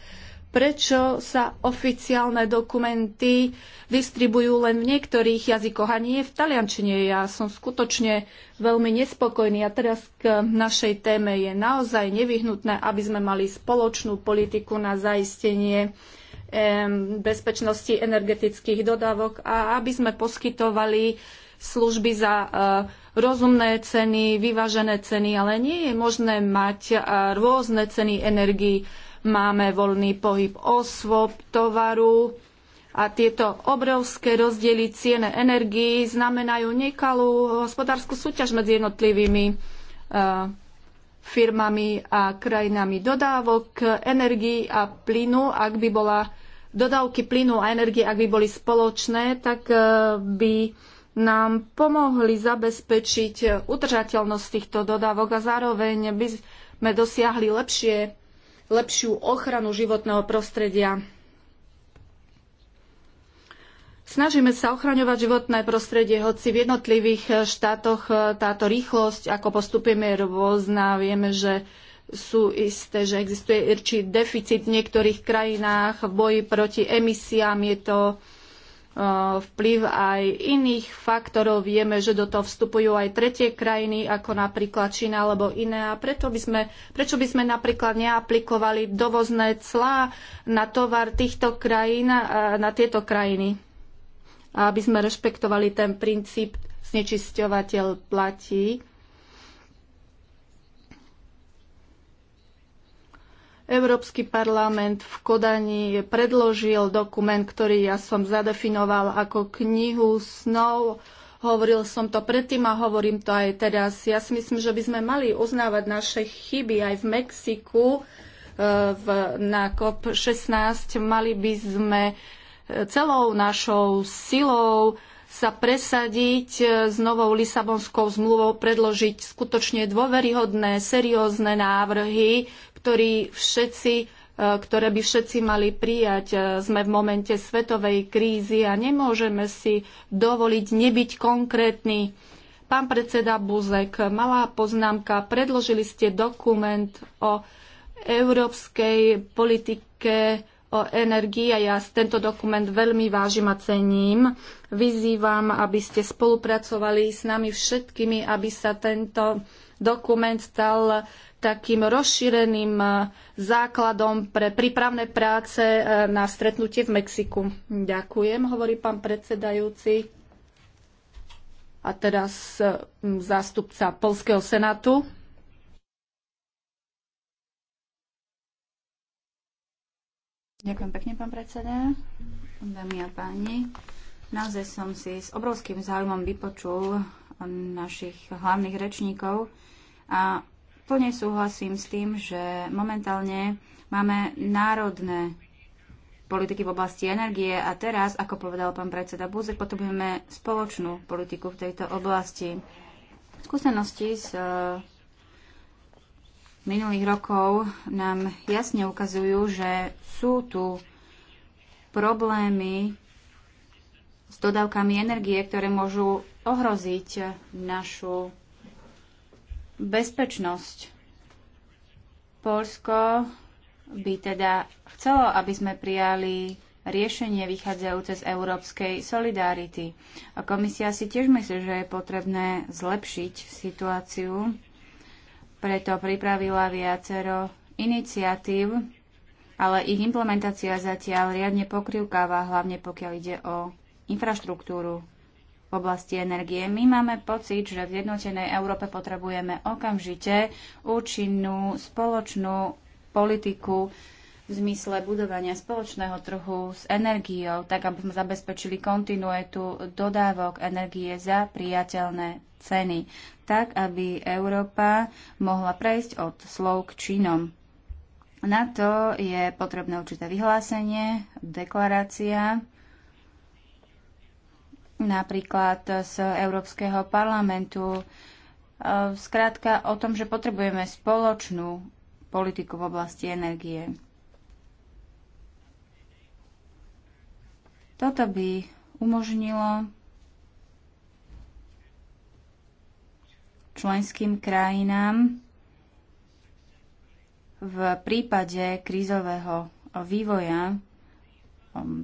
Prečo sa oficiálne dokumenty distribujú len v niektorých jazykoch a nie v taliančine? Ja som skutočne veľmi nespokojný a teraz k našej téme je naozaj nevyhnutné, aby sme mali spoločnú politiku na zaistenie bezpečnosti energetických dodávok a aby sme poskytovali služby za eh, rozumné ceny, vyvážené ceny, ale nie je možné mať eh, rôzne ceny energii. Máme voľný pohyb osôb, tovaru a tieto obrovské rozdiely cien energii znamenajú nekalú hospodárskú súťaž medzi jednotlivými eh, firmami a krajinami dodávok energii a plynu, ak by bola dodávky plynu a energie, ak by boli spoločné, tak e, by nám pomohli zabezpečiť udržateľnosť týchto dodávok a zároveň by sme dosiahli lepšie, lepšiu ochranu životného prostredia. Snažíme sa ochraňovať životné prostredie, hoci v jednotlivých eh, štátoch eh, táto rýchlosť, ako postupujeme, je rôzna. Vieme, že sú isté, že existuje určitý deficit v niektorých krajinách v boji proti emisiám. Je to eh, vplyv aj iných faktorov. Vieme, že do toho vstupujú aj tretie krajiny, ako napríklad Čína alebo iné. A preto by sme, prečo by sme napríklad neaplikovali dovozné clá na tovar týchto krajín, na tieto krajiny? a aby sme rešpektovali ten princíp znečisťovateľ platí. Európsky parlament v Kodani predložil dokument, ktorý ja som zadefinoval ako knihu snov. Hovoril som to predtým a hovorím to aj teraz. Ja si myslím, že by sme mali uznávať naše chyby aj v Mexiku e, v, na COP16. Mali by sme celou našou silou sa presadiť e, s novou Lisabonskou zmluvou, predložiť skutočne dôveryhodné, seriózne návrhy, ktorý všetci, e, ktoré by všetci mali prijať. E, sme v momente svetovej krízy a nemôžeme si dovoliť nebyť konkrétny. Pán predseda Buzek, malá poznámka. Predložili ste dokument o európskej politike o energii a ja tento dokument veľmi vážim a cením. Vyzývam, aby ste spolupracovali s nami všetkými, aby sa tento dokument stal takým rozšíreným eh, základom pre prípravné práce eh, na stretnutie v Mexiku. Ďakujem, hovorí pán predsedajúci. A teraz eh, zástupca Polského senátu. Ďakujem pekne, pán predseda. Dámy a páni, naozaj som si s obrovským záujmom vypočul našich hlavných rečníkov a plne súhlasím s tým, že momentálne máme národné politiky v oblasti energie a teraz, ako povedal pán predseda Búzek, potrebujeme spoločnú politiku v tejto oblasti. Skúsenosti s minulých rokov nám jasne ukazujú, že sú tu problémy s dodávkami energie, ktoré môžu ohroziť našu bezpečnosť. Polsko by teda chcelo, aby sme prijali riešenie vychádzajúce z európskej solidarity. A komisia si tiež myslí, že je potrebné zlepšiť situáciu preto pripravila viacero iniciatív, ale ich implementácia zatiaľ riadne pokrivkáva, hlavne pokiaľ ide o infraštruktúru v oblasti energie. My máme pocit, že v jednotenej Európe potrebujeme okamžite účinnú spoločnú politiku v zmysle budovania spoločného trhu s energiou, tak aby sme zabezpečili kontinuitu dodávok energie za priateľné ceny tak, aby Európa mohla prejsť od slov k činom. Na to je potrebné určité vyhlásenie, deklarácia, napríklad z Európskeho parlamentu. E, Skrátka o tom, že potrebujeme spoločnú politiku v oblasti energie. Toto by umožnilo členským krajinám v prípade krízového vývoja um,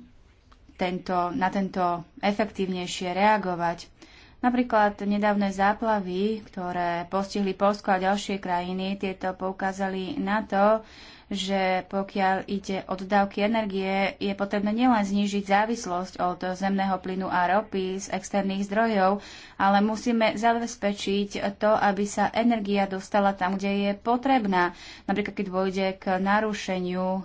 tento, na tento efektívnejšie reagovať. Napríklad nedávne záplavy, ktoré postihli Polsko a ďalšie krajiny, tieto poukázali na to, že pokiaľ ide o dodávky energie, je potrebné nielen znížiť závislosť od zemného plynu a ropy z externých zdrojov, ale musíme zabezpečiť to, aby sa energia dostala tam, kde je potrebná. Napríklad, keď dôjde k narušeniu um,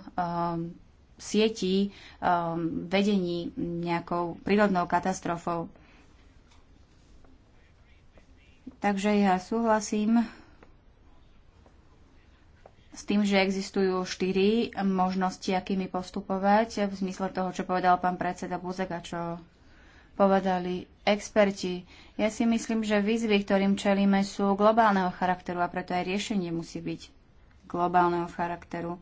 sietí um, vedení nejakou prírodnou katastrofou. Takže ja súhlasím s tým, že existujú štyri možnosti, akými postupovať, v zmysle toho, čo povedal pán predseda Buzek a čo povedali experti. Ja si myslím, že výzvy, ktorým čelíme, sú globálneho charakteru a preto aj riešenie musí byť globálneho charakteru.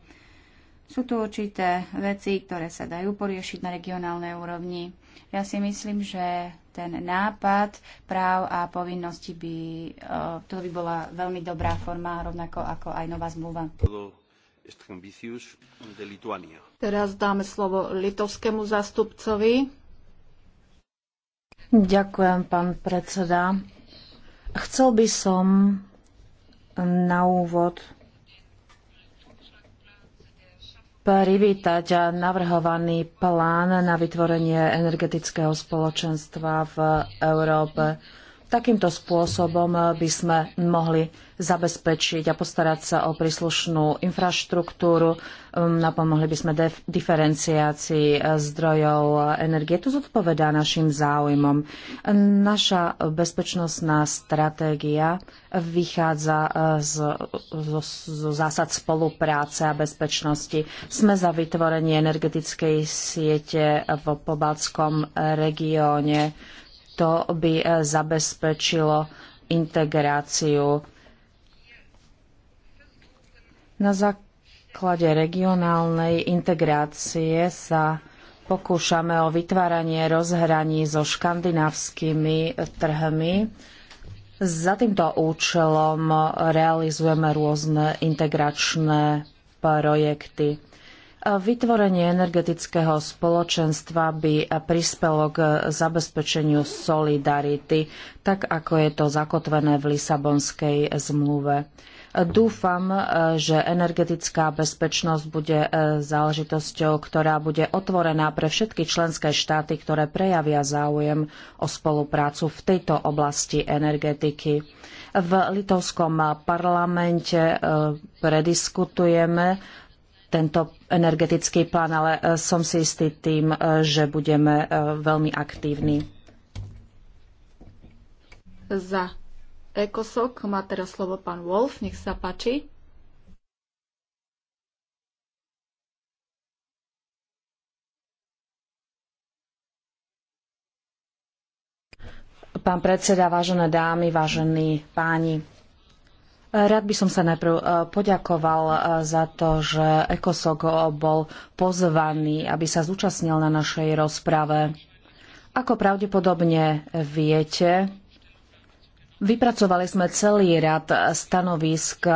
Sú tu určité veci, ktoré sa dajú poriešiť na regionálnej úrovni. Ja si myslím, že ten nápad práv a povinnosti by, e, To by bola veľmi dobrá forma, rovnako ako aj nová zmluva. Teraz dáme slovo litovskému zastupcovi. Ďakujem, pán predseda. Chcel by som na úvod privítať navrhovaný plán na vytvorenie energetického spoločenstva v Európe. Takýmto spôsobom by sme mohli zabezpečiť a postarať sa o príslušnú infraštruktúru. Um, napomohli by sme diferenciácii eh, zdrojov eh, energie. To zodpovedá našim záujmom. Naša bezpečnostná stratégia vychádza eh, z, zo, zo zásad spolupráce a bezpečnosti. Sme za vytvorenie energetickej siete v pobaltskom regióne. To by zabezpečilo integráciu na základe regionálnej integrácie sa pokúšame o vytváranie rozhraní so škandinávskými trhmi. Za týmto účelom realizujeme rôzne integračné projekty. Vytvorenie energetického spoločenstva by prispelo k zabezpečeniu solidarity, tak ako je to zakotvené v Lisabonskej zmluve. Dúfam, e, že energetická bezpečnosť bude e, záležitosťou, ktorá bude otvorená pre všetky členské štáty, ktoré prejavia záujem o spoluprácu v tejto oblasti energetiky. V litovskom parlamente e, prediskutujeme tento energetický plán, ale som si istý tým, že budeme veľmi aktívni. Za Ekosok. Má teraz slovo pán Wolf, nech sa páči. Pán predseda, vážené dámy, vážení páni, Rád by som sa najprv e, poďakoval e, za to, že Ekosok e, bol pozvaný, aby sa zúčastnil na našej rozprave. Ako pravdepodobne viete, Vypracovali sme celý rad stanovisk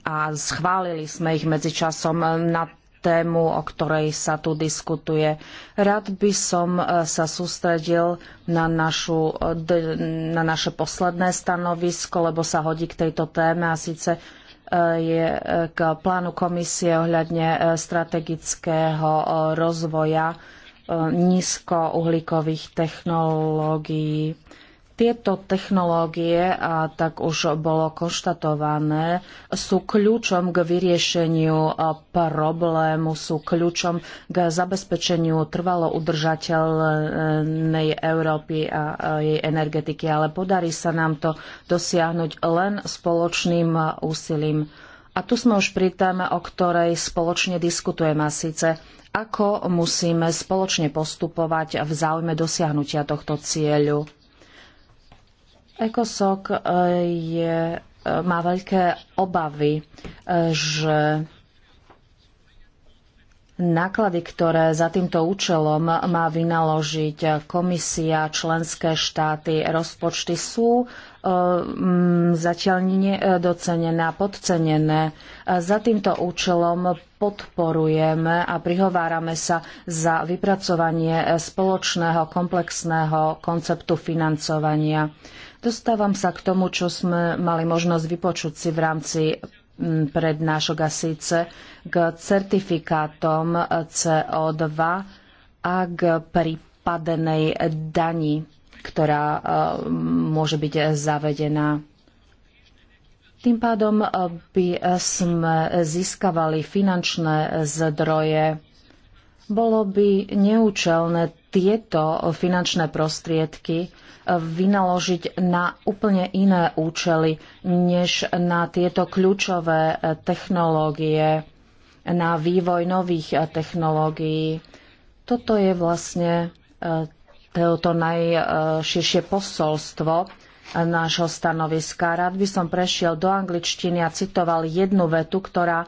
a schválili sme ich medzičasom na tému, o ktorej sa tu diskutuje. Rád by som e, sa sústredil na, našu, na naše posledné stanovisko, lebo sa hodí k tejto téme a síce e, je e, k plánu komisie ohľadne strategického rozvoja nízkouhlíkových technológií. Tieto technológie, a tak už bolo konštatované, sú kľúčom k vyriešeniu problému, sú kľúčom k zabezpečeniu trvalo udržateľnej Európy a jej energetiky, ale podarí sa nám to dosiahnuť len spoločným úsilím. A tu sme už pri téme, o ktorej spoločne diskutujeme, a síce ako musíme spoločne postupovať v záujme dosiahnutia tohto cieľu. ECOSOC e, je, e, má veľké obavy, e, že náklady, ktoré za týmto účelom má vynaložiť komisia, členské štáty, rozpočty sú zatiaľ nedocenené a podcenené. Za týmto účelom podporujeme a prihovárame sa za vypracovanie spoločného komplexného konceptu financovania. Dostávam sa k tomu, čo sme mali možnosť vypočuť si v rámci prednášok a síce k certifikátom CO2 a k prípadenej dani, ktorá e, môže byť zavedená. Tým pádom e, by sme získavali finančné zdroje. Bolo by neúčelné tieto finančné prostriedky e, vynaložiť na úplne iné účely, než na tieto kľúčové e, technológie, na vývoj nových e, technológií. Toto je vlastne toto najširšie posolstvo nášho stanoviska. Rád by som prešiel do angličtiny a citoval jednu vetu, ktorá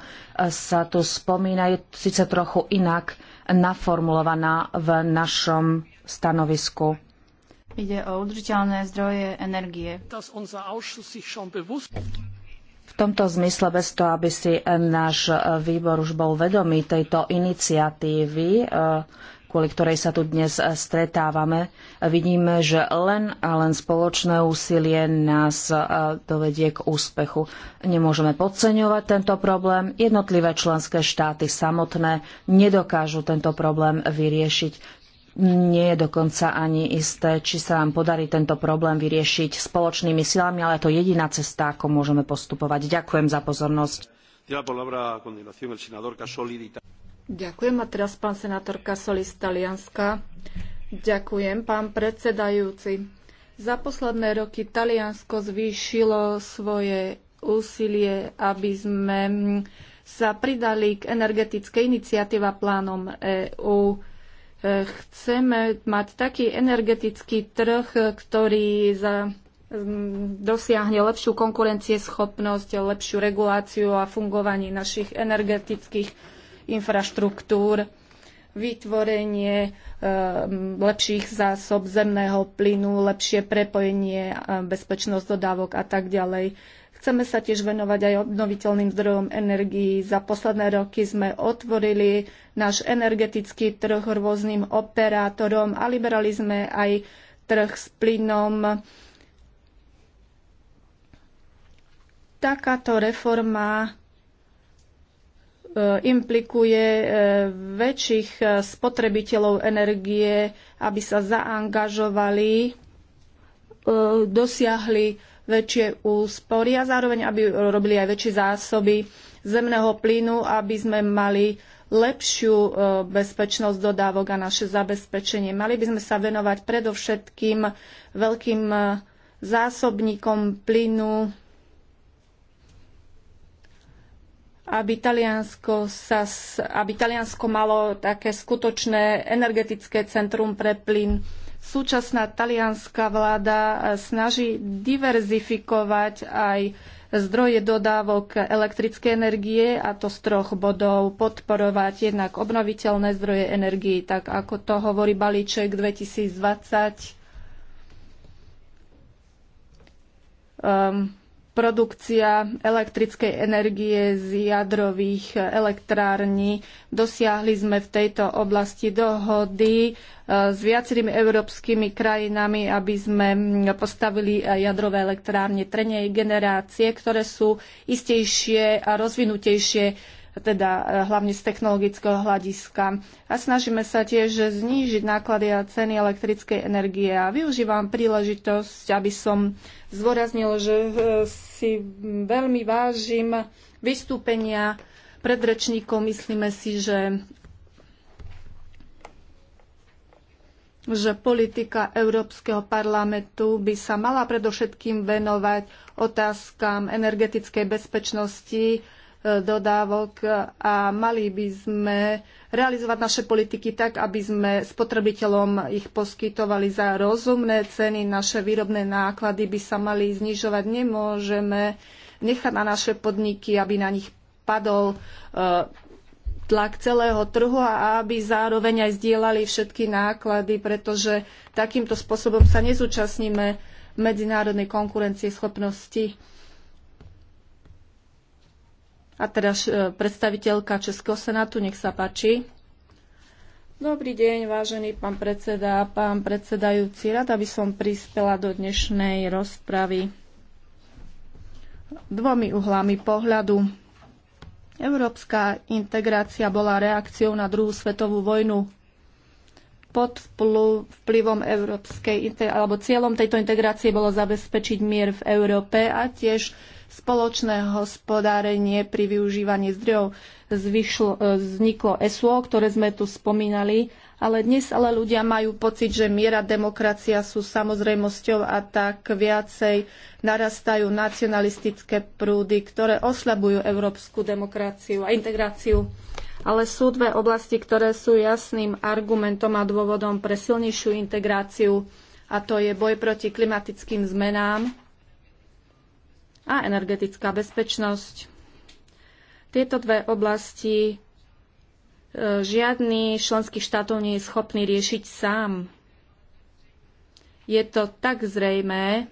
sa tu spomína, je síce trochu inak, naformulovaná v našom stanovisku. Ide o udržiteľné zdroje energie. V tomto zmysle, bez toho, aby si náš e, výbor už bol vedomý tejto iniciatívy, e, kvôli ktorej sa tu dnes stretávame. Vidíme, že len a len spoločné úsilie nás dovedie k úspechu. Nemôžeme podceňovať tento problém. Jednotlivé členské štáty samotné nedokážu tento problém vyriešiť. Nie je dokonca ani isté, či sa nám podarí tento problém vyriešiť spoločnými silami, ale je to jediná cesta, ako môžeme postupovať. Ďakujem za pozornosť. Ďakujem. A teraz pán senátor Kasoli z Talianska. Ďakujem, pán predsedajúci. Za posledné roky Taliansko zvýšilo svoje úsilie, aby sme sa pridali k energetickej iniciatíva plánom EÚ chceme mať taký energetický trh, ktorý za, dosiahne lepšiu konkurencieschopnosť, lepšiu reguláciu a fungovanie našich energetických infraštruktúr, vytvorenie e, lepších zásob zemného plynu, lepšie prepojenie, e, bezpečnosť dodávok a tak ďalej. Chceme sa tiež venovať aj obnoviteľným zdrojom energií. Za posledné roky sme otvorili náš energetický trh rôznym operátorom a liberali sme aj trh s plynom. Takáto reforma E, implikuje e, väčších e, spotrebiteľov energie, aby sa zaangažovali, dosiahli väčšie úspory a zároveň, aby robili aj väčšie zásoby zemného plynu, aby sme mali lepšiu bezpečnosť dodávok a naše zabezpečenie. Mali by sme sa venovať predovšetkým veľkým zásobníkom plynu, aby Taliansko, sa, aby Taliansko malo také skutočné energetické centrum pre plyn. Súčasná talianská vláda e, snaží diverzifikovať aj zdroje dodávok elektrickej energie a to z troch bodov podporovať jednak obnoviteľné zdroje energie, tak ako to hovorí balíček 2020. Um, ehm, produkcia elektrickej energie z jadrových elektrární. Dosiahli sme v tejto oblasti dohody e, s viacerými európskymi krajinami, aby sme postavili jadrové elektrárne trenej generácie, ktoré sú istejšie a rozvinutejšie teda e, hlavne z technologického hľadiska. A snažíme sa tiež znížiť náklady a ceny elektrickej energie. A využívam príležitosť, aby som zdôraznil, že e, si veľmi vážim vystúpenia predrečníkov. Myslíme si, že že politika Európskeho parlamentu by sa mala predovšetkým venovať otázkam energetickej bezpečnosti, dodávok a mali by sme realizovať naše politiky tak, aby sme spotrebiteľom ich poskytovali za rozumné ceny. Naše výrobné náklady by sa mali znižovať. Nemôžeme nechať na naše podniky, aby na nich padol e, tlak celého trhu a aby zároveň aj zdieľali všetky náklady, pretože takýmto spôsobom sa nezúčastníme medzinárodnej konkurencie schopnosti. A teda predstaviteľka Českého senátu, nech sa páči. Dobrý deň, vážený pán predseda, pán predsedajúci. Rada by som prispela do dnešnej rozpravy dvomi uhlami pohľadu. Európska integrácia bola reakciou na druhú svetovú vojnu pod vplyvom európskej, alebo cieľom tejto integrácie bolo zabezpečiť mier v Európe a tiež spoločné hospodárenie pri využívaní zdrojov zvyšlo, e, vzniklo SUO, ktoré sme tu spomínali, ale dnes ale ľudia majú pocit, že miera demokracia sú samozrejmosťou a tak viacej narastajú nacionalistické prúdy, ktoré oslabujú európsku demokraciu a integráciu. Ale sú dve oblasti, ktoré sú jasným argumentom a dôvodom pre silnejšiu integráciu a to je boj proti klimatickým zmenám a energetická bezpečnosť. Tieto dve oblasti e, žiadny členský štátov nie je schopný riešiť sám. Je to tak zrejmé,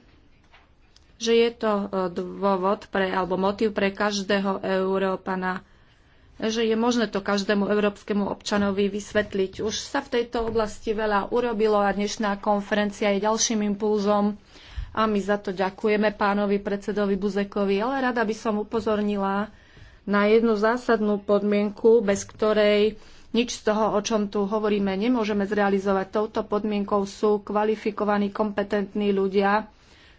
že je to e, dôvod pre, alebo motív pre každého Európana, že je možné to každému európskemu občanovi vysvetliť. Už sa v tejto oblasti veľa urobilo a dnešná konferencia je ďalším impulzom a my za to ďakujeme pánovi predsedovi Buzekovi, ale rada by som upozornila na jednu zásadnú podmienku, bez ktorej nič z toho, o čom tu hovoríme, nemôžeme zrealizovať. Touto podmienkou sú kvalifikovaní, kompetentní ľudia,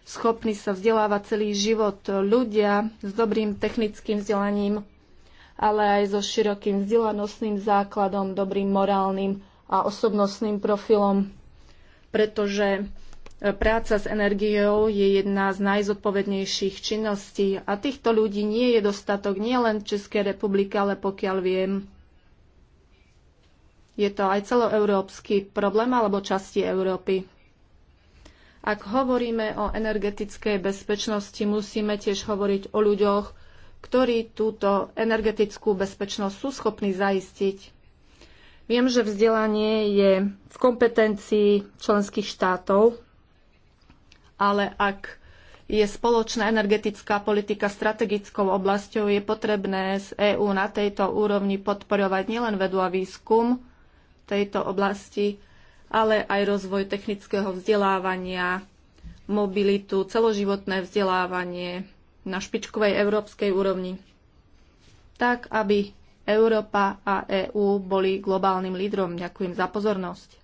schopní sa vzdelávať celý život ľudia s dobrým technickým vzdelaním, ale aj so širokým vzdelanostným základom, dobrým morálnym a osobnostným profilom, pretože Práca s energiou je jedna z najzodpovednejších činností a týchto ľudí nie je dostatok nielen v Českej republike, ale pokiaľ viem, je to aj celoeurópsky problém alebo časti Európy. Ak hovoríme o energetickej bezpečnosti, musíme tiež hovoriť o ľuďoch, ktorí túto energetickú bezpečnosť sú schopní zaistiť. Viem, že vzdelanie je v kompetencii členských štátov, ale ak je spoločná energetická politika strategickou oblasťou, je potrebné z EÚ na tejto úrovni podporovať nielen vedu a výskum tejto oblasti, ale aj rozvoj technického vzdelávania, mobilitu, celoživotné vzdelávanie na špičkovej európskej úrovni. Tak, aby Európa a EÚ boli globálnym lídrom. Ďakujem za pozornosť.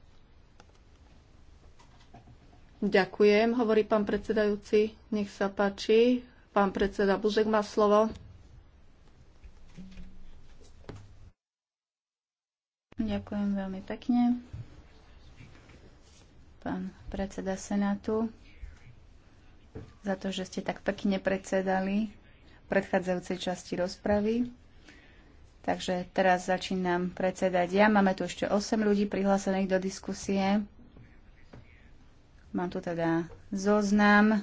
Ďakujem, hovorí pán predsedajúci. Nech sa páči. Pán predseda Buzek má slovo. Ďakujem veľmi pekne. Pán predseda Senátu, za to, že ste tak pekne predsedali predchádzajúcej časti rozpravy. Takže teraz začínam predsedať ja. Máme tu ešte 8 ľudí prihlásených do diskusie. Mám tu teda zoznam,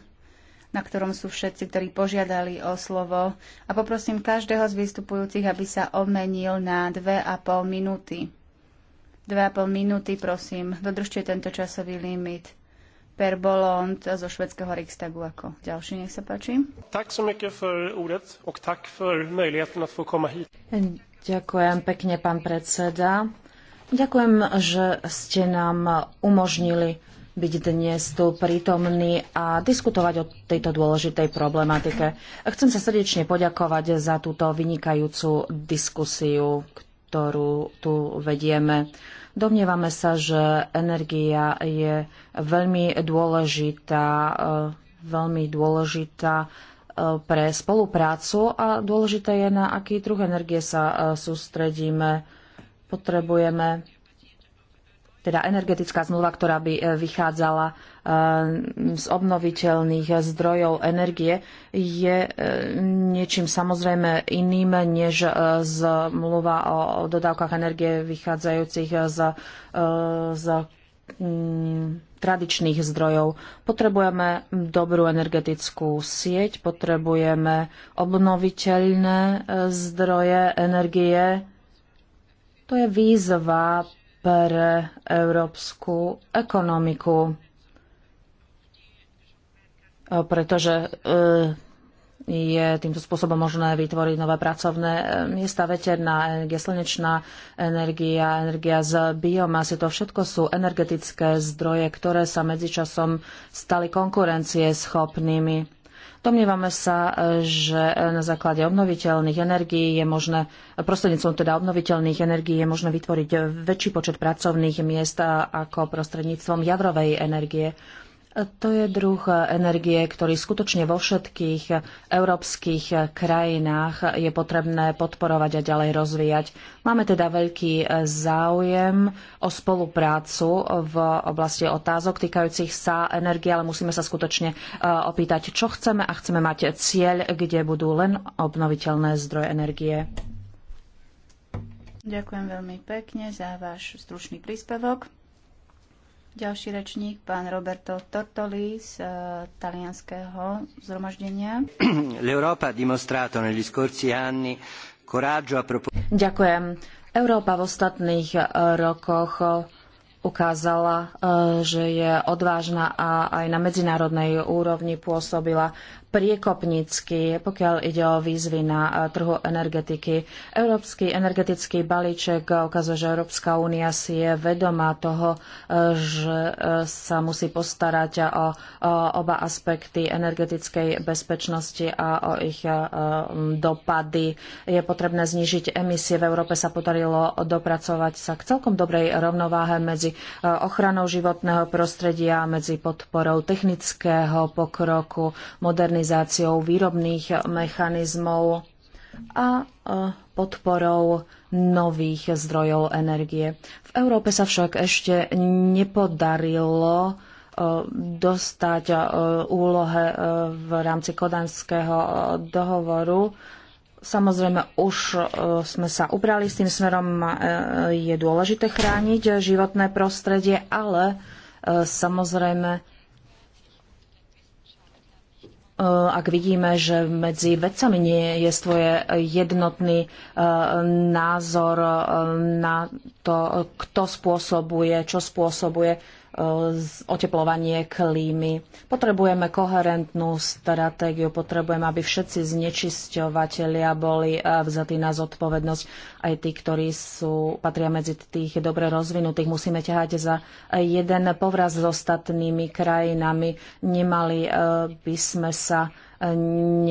na ktorom sú všetci, ktorí požiadali o slovo. A poprosím každého z vystupujúcich, aby sa obmenil na 2,5 minúty. 2,5 minúty, prosím, dodržte tento časový limit. Per Bolond zo švedského Riksdagu ako ďalší, nech sa páči. Tak som för ordet och tak för möjligheten att få komma hit. Ďakujem pekne, pán predseda. Ďakujem, že ste nám umožnili byť dnes tu prítomní a diskutovať o tejto dôležitej problematike. Chcem sa srdečne poďakovať za túto vynikajúcu diskusiu, ktorú tu vedieme. Domnievame sa, že energia je veľmi dôležitá, e, veľmi dôležitá e, pre spoluprácu a dôležité je, na aký druh energie sa e, sústredíme. Potrebujeme teda energetická zmluva, ktorá by e, vychádzala e, z obnoviteľných zdrojov energie, je e, niečím samozrejme iným než zmluva o dodávkach energie vychádzajúcich z, z mm, tradičných zdrojov. Potrebujeme dobrú energetickú sieť, potrebujeme obnoviteľné zdroje energie. To je výzva pre európsku ekonomiku. E, pretože e, je týmto spôsobom možné vytvoriť nové pracovné e, miesta, veterná energia, slnečná energia, energia z biomasy. To všetko sú energetické zdroje, ktoré sa medzičasom stali konkurencie schopnými. Domnievame sa, že na základe obnoviteľných energií je možné, prostredníctvom teda obnoviteľných energií je možné vytvoriť väčší počet pracovných miest ako prostredníctvom jadrovej energie. To je druh energie, ktorý skutočne vo všetkých európskych krajinách je potrebné podporovať a ďalej rozvíjať. Máme teda veľký záujem o spoluprácu v oblasti otázok týkajúcich sa energie, ale musíme sa skutočne e, opýtať, čo chceme a chceme mať cieľ, kde budú len obnoviteľné zdroje energie. Ďakujem veľmi pekne za váš stručný príspevok. Ďalší rečník, pán Roberto Tortoli z uh, talianského zhromaždenia. L'Europa dimostrato negli scorsi anni coraggio a propos... Ďakujem. Európa v ostatných eh, rokoch eh, ukázala, že je odvážna a aj na medzinárodnej úrovni pôsobila priekopnícky, pokiaľ ide o výzvy na eh, trhu energetiky. Európsky energetický balíček ukazuje, že Európska únia si je vedomá toho, eh, že eh, sa musí postarať o oba aspekty energetickej bezpečnosti a o ich dopady. Je potrebné znižiť emisie. V Európe sa podarilo dopracovať sa k celkom dobrej rovnováhe medzi ochranou životného prostredia, medzi podporou technického pokroku, modernizáciou modernizáciou výrobných mechanizmov a e, podporou nových zdrojov energie. V Európe sa však ešte nepodarilo e, dostať e, úlohe v rámci Kodanského dohovoru. Samozrejme, už sme sa ubrali s tým smerom, je dôležité chrániť životné prostredie, ale samozrejme Eh, ak vidíme, že medzi vedcami nie je svoje jednotný eh, názor eh, na to, kto spôsobuje, čo spôsobuje oteplovanie klímy. Potrebujeme koherentnú stratégiu, potrebujeme, aby všetci znečisťovateľia boli e, vzatí na zodpovednosť. Aj tí, ktorí sú, patria medzi tých dobre rozvinutých, musíme ťahať za jeden povraz s ostatnými krajinami. Nemali e, by sme sa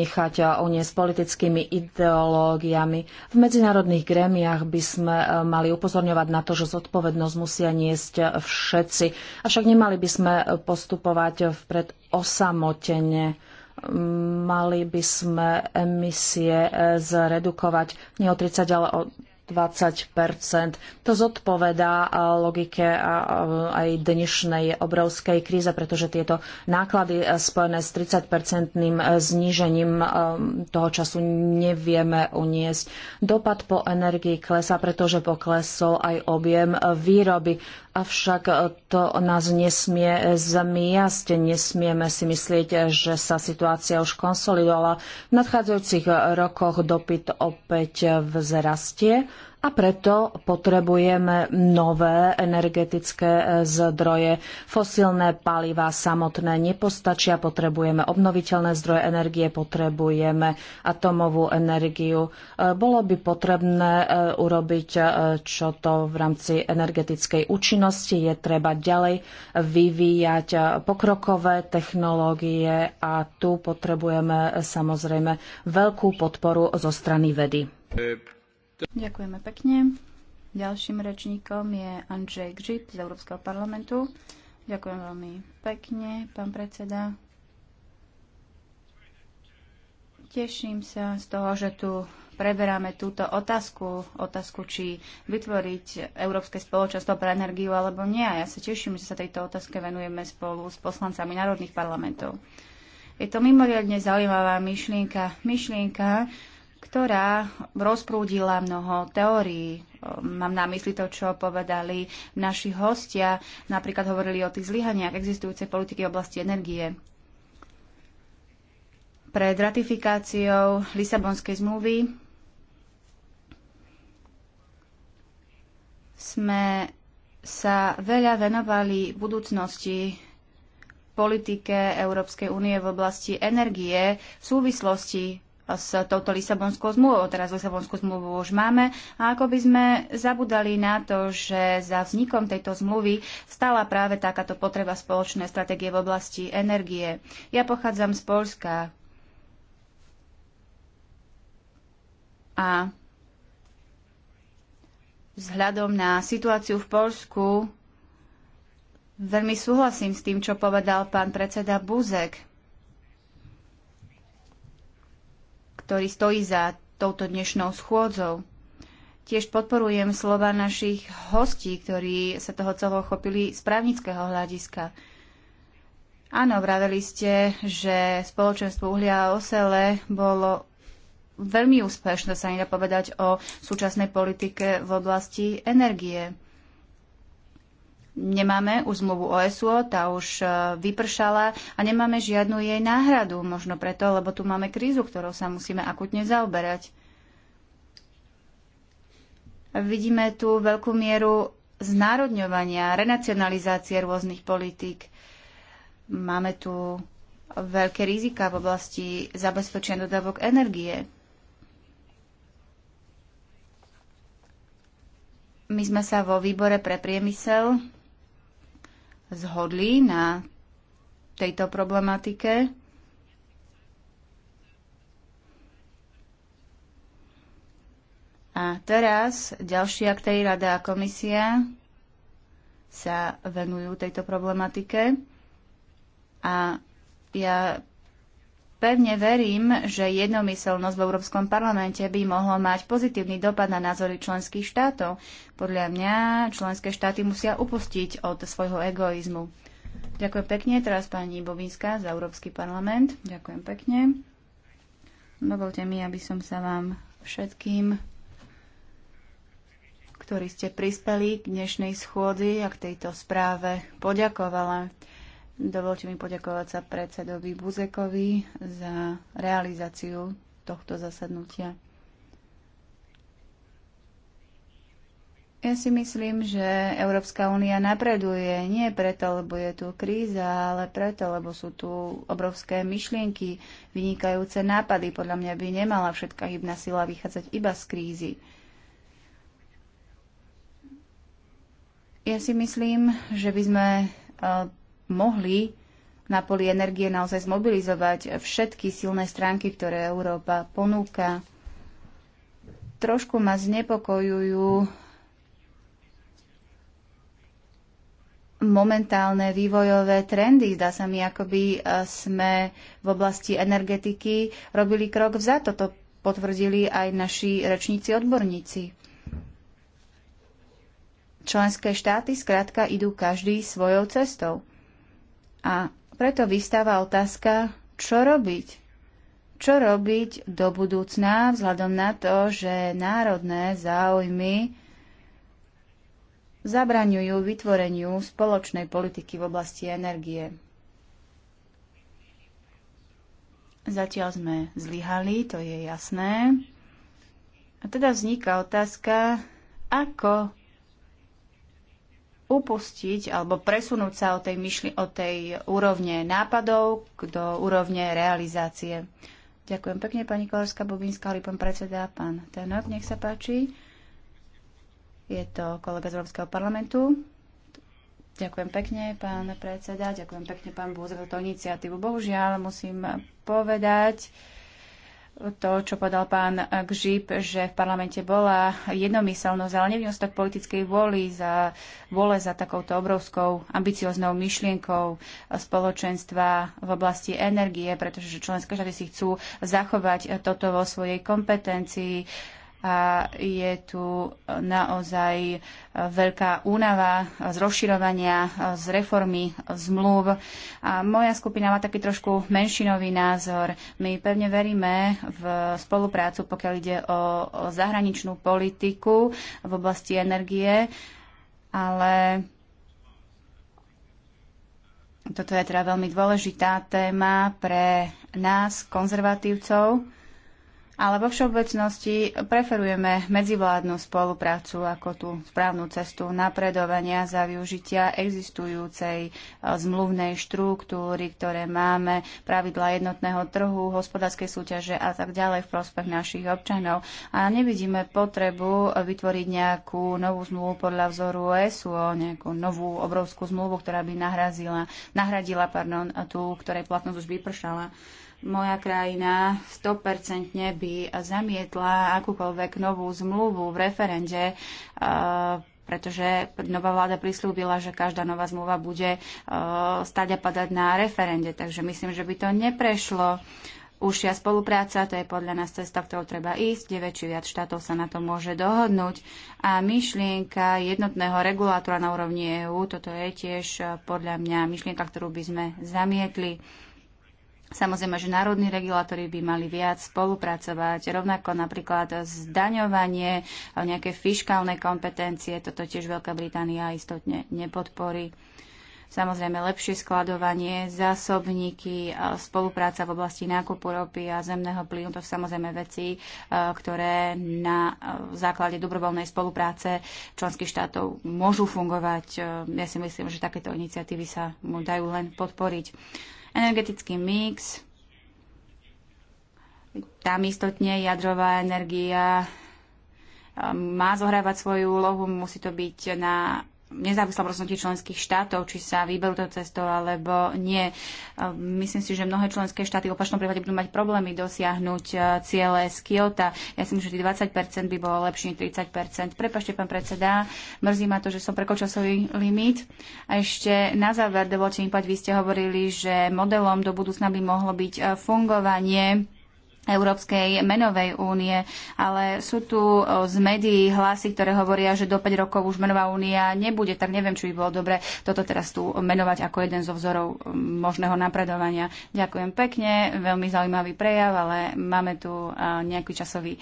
nechať uniesť politickými ideológiami. V medzinárodných grémiách by sme eh, mali upozorňovať na to, že zodpovednosť musia niesť eh, všetci. Avšak nemali by sme eh, postupovať vpred osamotene mali by sme emisie zredukovať nie o 30, ale o 20 To zodpovedá eh, logike eh, aj dnešnej obrovskej kríze, pretože tieto náklady eh, spojené s 30-percentným znížením toho času nevieme uniesť. Dopad po energii klesá, pretože poklesol aj objem výroby. Avšak e, to nás nesmie zmiasť, nesmieme si myslieť, že sa situácia už konsolidovala. V nadchádzajúcich rokoch dopyt opäť vzrastie a preto potrebujeme nové energetické e, zdroje. Fosílne paliva samotné nepostačia, potrebujeme obnoviteľné zdroje energie, potrebujeme atomovú energiu. E, bolo by potrebné e, urobiť, čo to v rámci energetickej účinnosti je treba ďalej vyvíjať pokrokové technológie a tu potrebujeme samozrejme veľkú podporu zo strany vedy. Ďakujeme pekne. Ďalším rečníkom je Andrzej Grip z Európskeho parlamentu. Ďakujem veľmi pekne, pán predseda. Teším sa z toho, že tu preberáme túto otázku, otázku, či vytvoriť Európske spoločenstvo pre energiu alebo nie. A Ja sa teším, že sa tejto otázke venujeme spolu s poslancami národných parlamentov. Je to mimoriadne zaujímavá myšlienka. Myšlienka, ktorá rozprúdila mnoho teórií. Ehm, mám na mysli to, čo povedali naši hostia. Napríklad hovorili o tých zlyhaniach existujúcej politiky v oblasti energie. Pred ratifikáciou Lisabonskej zmluvy sme sa veľa venovali budúcnosti politike Európskej únie v oblasti energie v súvislosti s touto Lisabonskou zmluvou. Teraz Lisabonskú zmluvu už máme a ako by sme zabudali na to, že za vznikom tejto zmluvy stala práve takáto potreba spoločnej stratégie v oblasti energie. Ja pochádzam z Polska a vzhľadom na situáciu v Polsku veľmi súhlasím s tým, čo povedal pán predseda Buzek ktorý stojí za touto dnešnou schôdzou. Tiež podporujem slova našich hostí, ktorí sa toho celého chopili z právnického hľadiska. Áno, vraveli ste, že spoločenstvo uhlia a osele bolo veľmi úspešné, sa nedá povedať o súčasnej politike v oblasti energie nemáme už zmluvu OSU, tá už e, vypršala a nemáme žiadnu jej náhradu. Možno preto, lebo tu máme krízu, ktorou sa musíme akutne zaoberať. Vidíme tu veľkú mieru znárodňovania, renacionalizácie rôznych politík. Máme tu veľké rizika v oblasti zabezpečenia dodávok energie. My sme sa vo výbore pre priemysel zhodli na tejto problematike. A teraz ďalší tej Rada a komisia sa venujú tejto problematike a ja Pevne verím, že jednomyselnosť v Európskom parlamente by mohlo mať pozitívny dopad na názory členských štátov. Podľa mňa členské štáty musia upustiť od svojho egoizmu. Ďakujem pekne. Teraz pani Bovinská za Európsky parlament. Ďakujem pekne. Dovolte mi, aby som sa vám všetkým, ktorí ste prispeli k dnešnej schôdzi a k tejto správe, poďakovala. Dovolte mi poďakovať sa predsedovi Buzekovi za realizáciu tohto zasadnutia. Ja si myslím, že Európska únia napreduje nie preto, lebo je tu kríza, ale preto, lebo sú tu obrovské myšlienky, vynikajúce nápady. Podľa mňa by nemala všetká hybná sila vychádzať iba z krízy. Ja si myslím, že by sme eh, mohli na poli energie naozaj zmobilizovať všetky silné stránky, ktoré Európa ponúka. Trošku ma znepokojujú momentálne vývojové trendy. Zdá sa mi, akoby e, sme v oblasti energetiky robili krok vzad. Toto potvrdili aj naši rečníci odborníci. Členské štáty zkrátka idú každý svojou cestou. A preto vystáva otázka, čo robiť? Čo robiť do budúcna vzhľadom na to, že národné záujmy zabraňujú vytvoreniu spoločnej politiky v oblasti energie. Zatiaľ sme zlyhali, to je jasné. A teda vzniká otázka, ako upustiť alebo presunúť sa od tej, myšli, od tej úrovne nápadov do úrovne realizácie. Ďakujem pekne, pani Kolárska Bobinská, ale pán predseda, pán Tenok, nech sa páči. Je to kolega z Európskeho parlamentu. Ďakujem pekne, pán predseda, ďakujem pekne, pán Búz, za túto iniciatívu. Bohužiaľ, musím povedať, to, čo povedal pán Gžip, že v parlamente bola jednomyselnosť, ale tak politickej vôli za, vôle za takouto obrovskou ambicioznou myšlienkou spoločenstva v oblasti energie, pretože členské štáty si chcú zachovať toto vo svojej kompetencii a je tu naozaj veľká únava z rozširovania, z reformy zmluv. A moja skupina má taký trošku menšinový názor. My pevne veríme v spoluprácu, pokiaľ ide o, o zahraničnú politiku v oblasti energie, ale toto je teda veľmi dôležitá téma pre nás, konzervatívcov ale vo všeobecnosti preferujeme medzivládnu spoluprácu ako tú správnu cestu napredovania za využitia existujúcej e, zmluvnej štruktúry, ktoré máme, pravidla jednotného trhu, hospodárskej súťaže a tak ďalej v prospech našich občanov. A nevidíme potrebu vytvoriť nejakú novú zmluvu podľa vzoru ESU, nejakú novú obrovskú zmluvu, ktorá by nahrazila, nahradila pardon, tú, ktorej platnosť už vypršala moja krajina 100% by zamietla akúkoľvek novú zmluvu v referende, pretože nová vláda prislúbila, že každá nová zmluva bude stať a padať na referende. Takže myslím, že by to neprešlo. Užšia spolupráca, to je podľa nás cesta, ktorou treba ísť, kde väčší viac štátov sa na to môže dohodnúť. A myšlienka jednotného regulátora na úrovni EÚ, toto je tiež podľa mňa myšlienka, ktorú by sme zamietli. Samozrejme, že národní regulátory by mali viac spolupracovať, rovnako napríklad zdaňovanie, nejaké fiškálne kompetencie, toto tiež Veľká Británia istotne nepodporí. Samozrejme, lepšie skladovanie, zásobníky, spolupráca v oblasti nákupu ropy a zemného plynu, to sú samozrejme veci, ktoré na základe dobrovoľnej spolupráce členských štátov môžu fungovať. Ja si myslím, že takéto iniciatívy sa mu dajú len podporiť. Energetický mix, tam istotne jadrová energia um, má zohrávať svoju úlohu, musí to byť na nezávislom rozhodnutí členských štátov, či sa vyberú to cestou alebo nie. E, myslím si, že mnohé členské štáty v opačnom prípade budú mať problémy dosiahnuť e, ciele z Kyoto. Ja si myslím, že tých 20% by bolo lepšie 30%. Prepašte, pán predseda, mrzí ma to, že som prekočil svoj limit. A ešte na záver, dovolte mi povedať, vy ste hovorili, že modelom do budúcna by mohlo byť e, fungovanie Európskej menovej únie, ale sú tu z médií hlasy, ktoré hovoria, že do 5 rokov už menová únia nebude, tak neviem, či by bolo dobre toto teraz tu menovať ako jeden zo vzorov možného napredovania. Ďakujem pekne, veľmi zaujímavý prejav, ale máme tu nejaký časový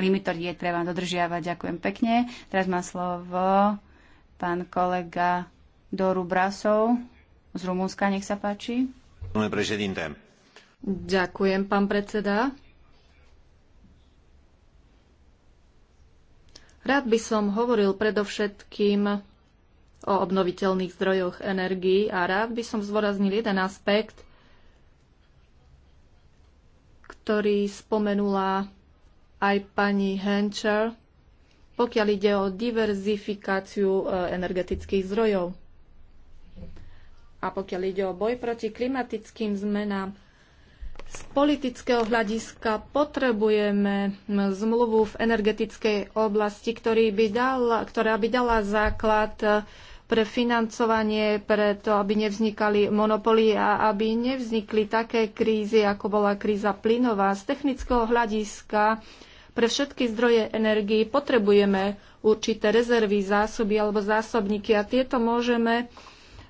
limit, ktorý je treba dodržiavať. Ďakujem pekne. Teraz má slovo pán kolega Doru Brasov z Rumunska, nech sa páči. Domnule președinte, Ďakujem, pán predseda. Rád by som hovoril predovšetkým o obnoviteľných zdrojoch energií a rád by som zvoraznil jeden aspekt, ktorý spomenula aj pani Hencher, pokiaľ ide o diverzifikáciu e, energetických zdrojov. A pokiaľ ide o boj proti klimatickým zmenám, z politického hľadiska potrebujeme zmluvu v energetickej oblasti, ktorý by dal, ktorá by dala základ pre financovanie, pre to, aby nevznikali monopoly a aby nevznikli také krízy, ako bola kríza plynová. Z technického hľadiska pre všetky zdroje energii potrebujeme určité rezervy, zásoby alebo zásobníky a tieto môžeme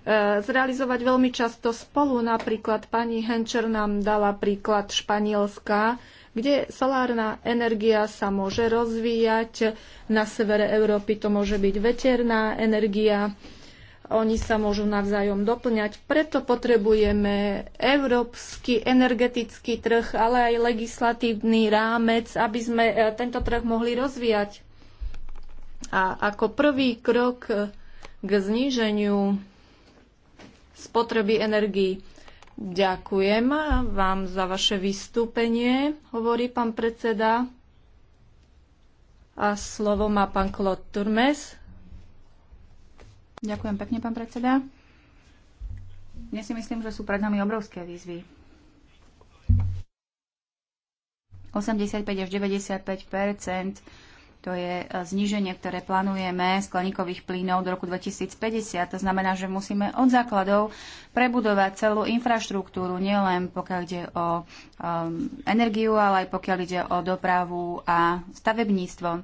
E, zrealizovať veľmi často spolu. Napríklad pani Henčer nám dala príklad Španielska, kde solárna energia sa môže rozvíjať. Na severe Európy to môže byť veterná energia. Oni sa môžu navzájom doplňať. Preto potrebujeme európsky energetický trh, ale aj legislatívny rámec, aby sme e, tento trh mohli rozvíjať. A ako prvý krok k zníženiu spotreby energii. Ďakujem vám za vaše vystúpenie, hovorí pán predseda. A slovo má pán Klod Turmes. Ďakujem pekne, pán predseda. Dnes si myslím, že sú pred nami obrovské výzvy. 85 až 95 to je e, zníženie, ktoré plánujeme skleníkových plynov do roku 2050. To znamená, že musíme od základov prebudovať celú infraštruktúru, nielen pokiaľ ide o um, energiu, ale aj pokiaľ ide o dopravu a stavebníctvo.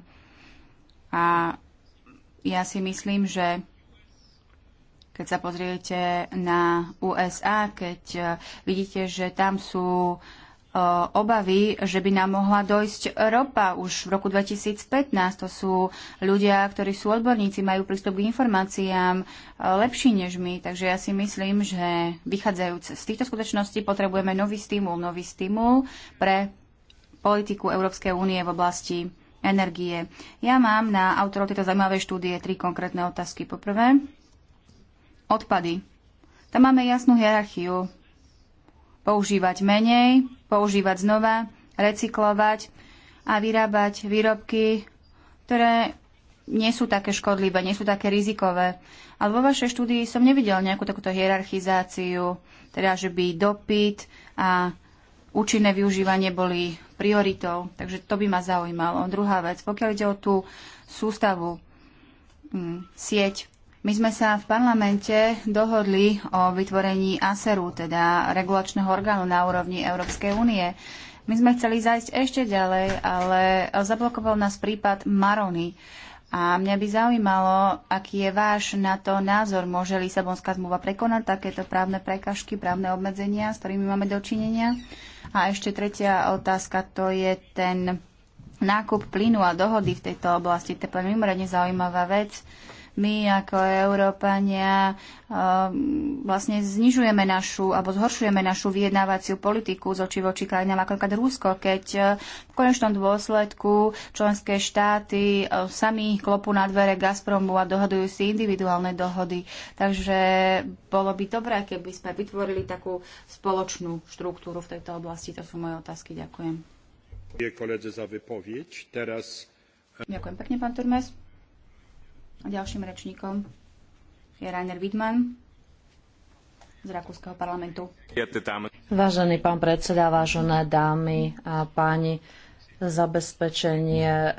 A ja si myslím, že keď sa pozriete na USA, keď e, vidíte, že tam sú uh, obavy, že by nám mohla dojsť ropa už v roku 2015. To sú ľudia, ktorí sú odborníci, majú prístup k informáciám e, lepší než my. Takže ja si myslím, že vychádzajúc z týchto skutočností potrebujeme nový stimul, nový stimul pre politiku Európskej únie v oblasti energie. Ja mám na autorov tejto zaujímavej štúdie tri konkrétne otázky. Poprvé, odpady. Tam máme jasnú hierarchiu používať menej, používať znova, recyklovať a vyrábať výrobky, ktoré nie sú také škodlivé, nie sú také rizikové. Ale vo vašej štúdii som nevidel nejakú takúto hierarchizáciu, teda že by dopyt a účinné využívanie boli prioritou. Takže to by ma zaujímalo. Druhá vec, pokiaľ ide o tú sústavu, mm, sieť my sme sa v parlamente dohodli o vytvorení ASERu, teda regulačného orgánu na úrovni Európskej únie. My sme chceli zajsť ešte ďalej, ale zablokoval nás prípad Marony. A mňa by zaujímalo, aký je váš na to názor. Môže Lisabonská zmluva prekonať takéto právne prekažky, právne obmedzenia, s ktorými máme dočinenia? A ešte tretia otázka, to je ten nákup plynu a dohody v tejto oblasti. To je mimoriadne zaujímavá vec my ako Európania um, vlastne znižujeme našu alebo zhoršujeme našu vyjednávaciu politiku z oči voči krajinám ako napríklad Rusko, keď uh, v konečnom dôsledku členské štáty uh, sami klopú na dvere Gazpromu a dohodujú si individuálne dohody. Takže bolo by dobré, keby sme vytvorili takú spoločnú štruktúru v tejto oblasti. To sú moje otázky. Ďakujem. Ďakujem pekne, pán Turmes. Ďalším rečníkom je Rainer Wittmann z Rakúskeho parlamentu. Vážený pán predseda, vážené dámy a páni, zabezpečenie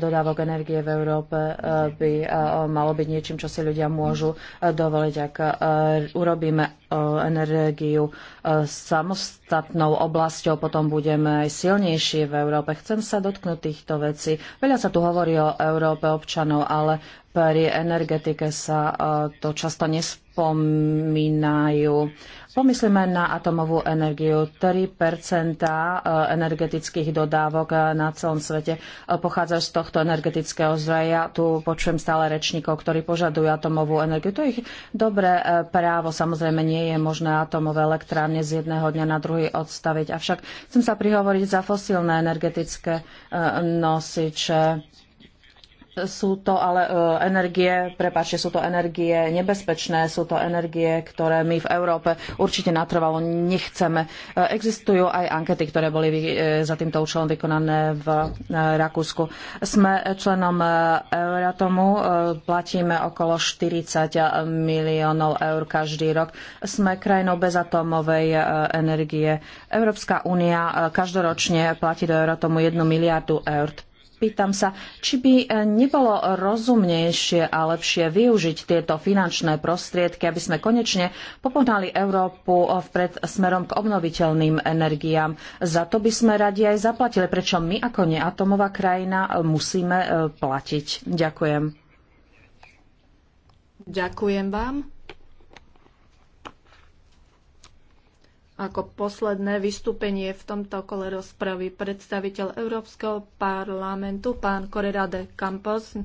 dodávok energie v Európe eh, by eh, malo byť niečím, čo si ľudia môžu eh, dovoliť. Ak urobíme energiu samostatnou oblasťou, potom budeme aj silnejší v Európe. Chcem sa dotknúť týchto vecí. Veľa sa tu hovorí o Európe občanov, ale pri energetike sa to často nespomínajú Pomyslíme na atomovú energiu. 3 eh, energetických dodávok eh, na celom svete eh, pochádza z tohto energetického zdroja. Ja tu počujem stále rečníkov, ktorí požadujú atomovú energiu. To je ich dobré právo. Samozrejme nie je možné atomové elektrárne z jedného dňa na druhý odstaviť. Avšak chcem sa prihovoriť za fosílne energetické nosiče sú to ale e, energie, prepáčte, sú to energie nebezpečné, sú to energie, ktoré my v Európe určite natrvalo nechceme. E, existujú aj ankety, ktoré boli e, za týmto účelom vykonané v Rakúsku. Sme členom Euratomu, platíme okolo 40 miliónov eur každý rok. Sme krajinou bez energie. Európska únia každoročne platí do Euratomu 1 miliardu eur pýtam sa, či by e, nebolo rozumnejšie a lepšie využiť tieto finančné prostriedky, aby sme konečne popohnali Európu e, vpred smerom k obnoviteľným energiám. Za to by sme radi aj zaplatili, prečo my ako neatomová krajina e, musíme platiť. Ďakujem. Ďakujem vám. Ako posledné vystúpenie v tomto kole rozpravy predstaviteľ Európskeho parlamentu, pán Correra de Campos.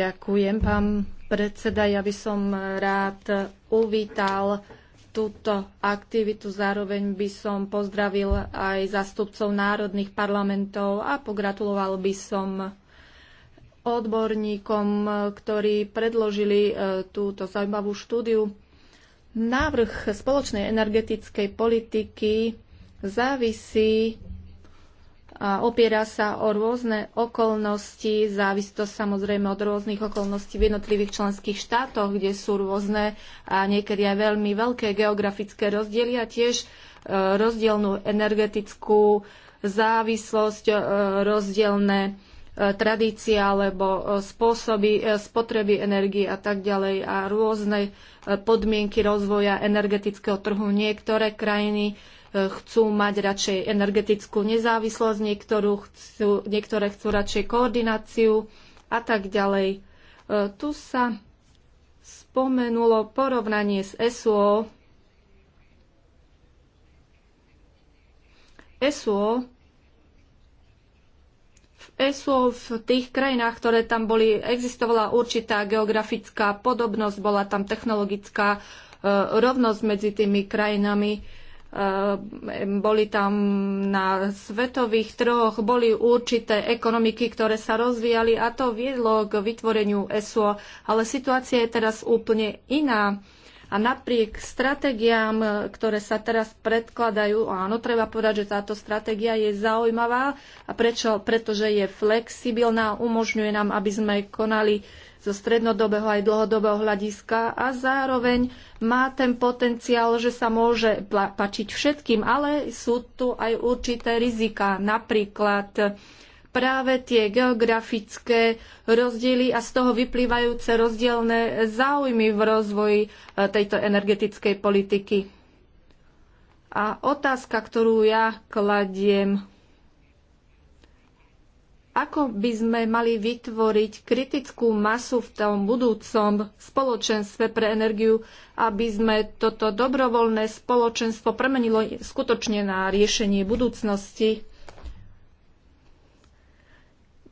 Ďakujem, pán predseda. Ja by som rád uvítal túto aktivitu. Zároveň by som pozdravil aj zastupcov národných parlamentov a pogratuloval by som odborníkom, ktorí predložili e, túto zaujímavú štúdiu. Návrh spoločnej energetickej politiky závisí a opiera sa o rôzne okolnosti, závisí to samozrejme od rôznych okolností v jednotlivých členských štátoch, kde sú rôzne a niekedy aj veľmi veľké geografické rozdiely a tiež e, rozdielnú energetickú závislosť, e, rozdielne tradícia alebo e, spôsoby e, spotreby energie a tak ďalej a rôzne e, podmienky rozvoja energetického trhu. Niektoré krajiny chcú mať radšej energetickú nezávislosť, chcú, niektoré chcú radšej koordináciu a tak ďalej. Tu sa spomenulo porovnanie s SO. SO ESO v tých krajinách, ktoré tam boli, existovala určitá geografická podobnosť, bola tam technologická e, rovnosť medzi tými krajinami. E, boli tam na svetových troch, boli určité ekonomiky, ktoré sa rozvíjali a to viedlo k vytvoreniu ESO, ale situácia je teraz úplne iná. A napriek stratégiám, e, ktoré sa teraz predkladajú, áno, treba povedať, že táto stratégia je zaujímavá. A prečo? Pretože je flexibilná, umožňuje nám, aby sme konali zo strednodobého aj dlhodobého hľadiska a zároveň má ten potenciál, že sa môže pačiť všetkým, ale sú tu aj určité rizika. Napríklad práve tie geografické rozdiely a z toho vyplývajúce rozdielne záujmy v rozvoji e, tejto energetickej politiky. A otázka, ktorú ja kladiem, ako by sme mali vytvoriť kritickú masu v tom budúcom spoločenstve pre energiu, aby sme toto dobrovoľné spoločenstvo premenilo skutočne na riešenie budúcnosti.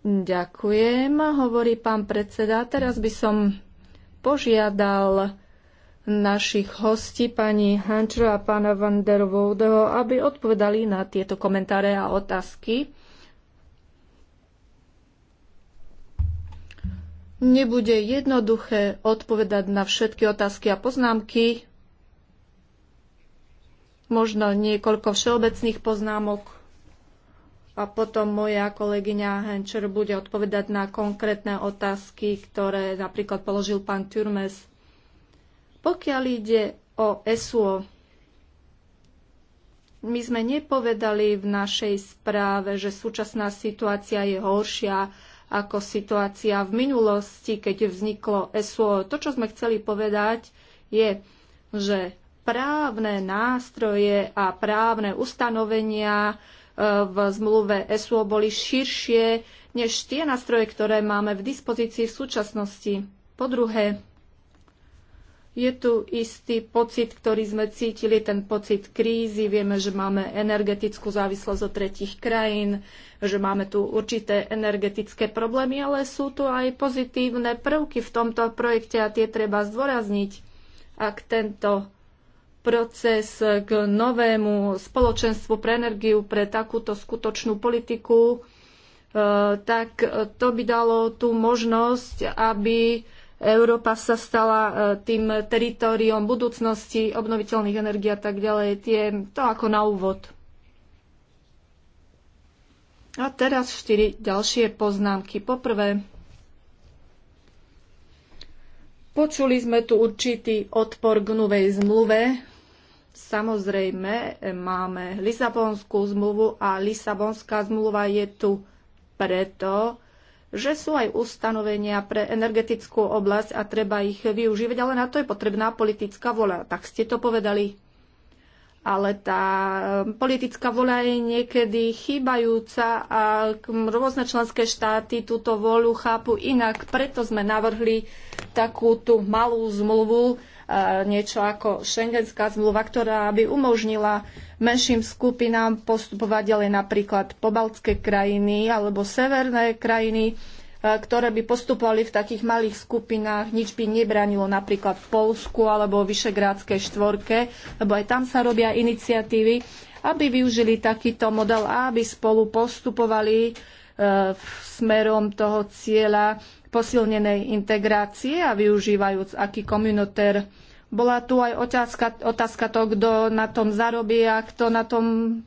Ďakujem, hovorí pán predseda. Teraz by som požiadal našich hostí, pani Hančo a pána van der Woldeho, aby odpovedali na tieto komentáre a otázky. Nebude jednoduché odpovedať na všetky otázky a poznámky, možno niekoľko všeobecných poznámok a potom moja kolegyňa Henčer bude odpovedať na konkrétne otázky, ktoré napríklad položil pán Turmes. Pokiaľ ide o SUO, my sme nepovedali v našej správe, že súčasná situácia je horšia ako situácia v minulosti, keď vzniklo SUO. To, čo sme chceli povedať, je, že právne nástroje a právne ustanovenia v zmluve SUO boli širšie než tie nástroje, ktoré máme v dispozícii v súčasnosti. Po druhé, je tu istý pocit, ktorý sme cítili, ten pocit krízy. Vieme, že máme energetickú závislosť od tretich krajín, že máme tu určité energetické problémy, ale sú tu aj pozitívne prvky v tomto projekte a tie treba zdôrazniť. Ak tento proces k novému spoločenstvu pre energiu, pre takúto skutočnú politiku, e, tak to by dalo tú možnosť, aby Európa sa stala e, tým teritoriom budúcnosti, obnoviteľných energií a tak ďalej. Tie, to ako na úvod. A teraz štyri ďalšie poznámky. Poprvé, počuli sme tu určitý odpor k novej zmluve, Samozrejme, e, máme Lisabonskú zmluvu a Lisabonská zmluva je tu preto, že sú aj ustanovenia pre energetickú oblasť a treba ich využívať, ale na to je potrebná politická vola. Tak ste to povedali. Ale tá e, politická vola je niekedy chýbajúca a rôzne členské štáty túto volu chápu inak. Preto sme navrhli takú tú malú zmluvu, niečo ako šengenská zmluva, ktorá by umožnila menším skupinám postupovať ďalej napríklad pobaltské krajiny alebo severné krajiny, e, ktoré by postupovali v takých malých skupinách, nič by nebranilo napríklad v Polsku alebo v Vyšegrádskej štvorke, lebo aj tam sa robia iniciatívy, aby využili takýto model a aby spolu postupovali e, smerom toho cieľa posilnenej integrácie a využívajúc aký komunitér. Bola tu aj otázka, otázka to, kto na tom zarobí a kto, na tom,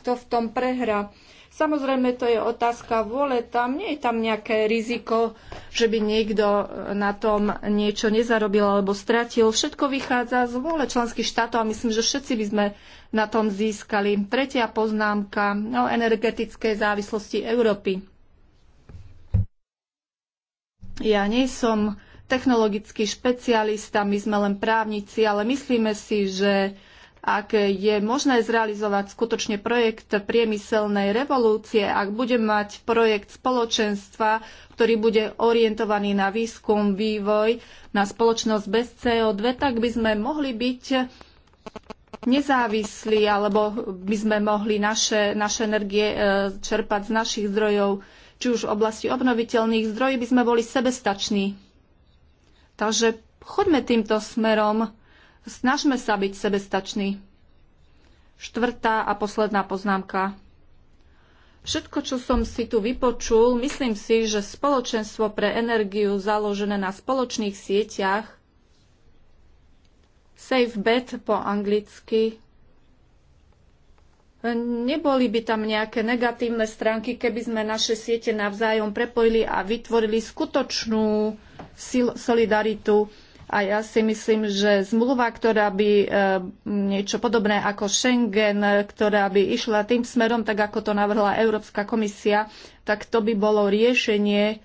kto v tom prehra. Samozrejme, to je otázka vôle. Tam nie je tam nejaké riziko, že by niekto na tom niečo nezarobil alebo stratil. Všetko vychádza z vôle členských štátov a myslím, že všetci by sme na tom získali. Tretia poznámka o no, energetickej závislosti Európy. Ja nie som technologický špecialista, my sme len právnici, ale myslíme si, že ak je možné zrealizovať skutočne projekt priemyselnej revolúcie, ak bude mať projekt spoločenstva, ktorý bude orientovaný na výskum, vývoj, na spoločnosť bez CO2, tak by sme mohli byť nezávislí, alebo by sme mohli naše, naše energie e, čerpať z našich zdrojov či už v oblasti obnoviteľných zdrojí by sme boli sebestační. Takže choďme týmto smerom, snažme sa byť sebestační. Štvrtá a posledná poznámka. Všetko, čo som si tu vypočul, myslím si, že spoločenstvo pre energiu založené na spoločných sieťach Safe Bet po anglicky Neboli by tam nejaké negatívne stránky, keby sme naše siete navzájom prepojili a vytvorili skutočnú solidaritu. A ja si myslím, že zmluva, ktorá by e, niečo podobné ako Schengen, ktorá by išla tým smerom, tak ako to navrhla Európska komisia, tak to by bolo riešenie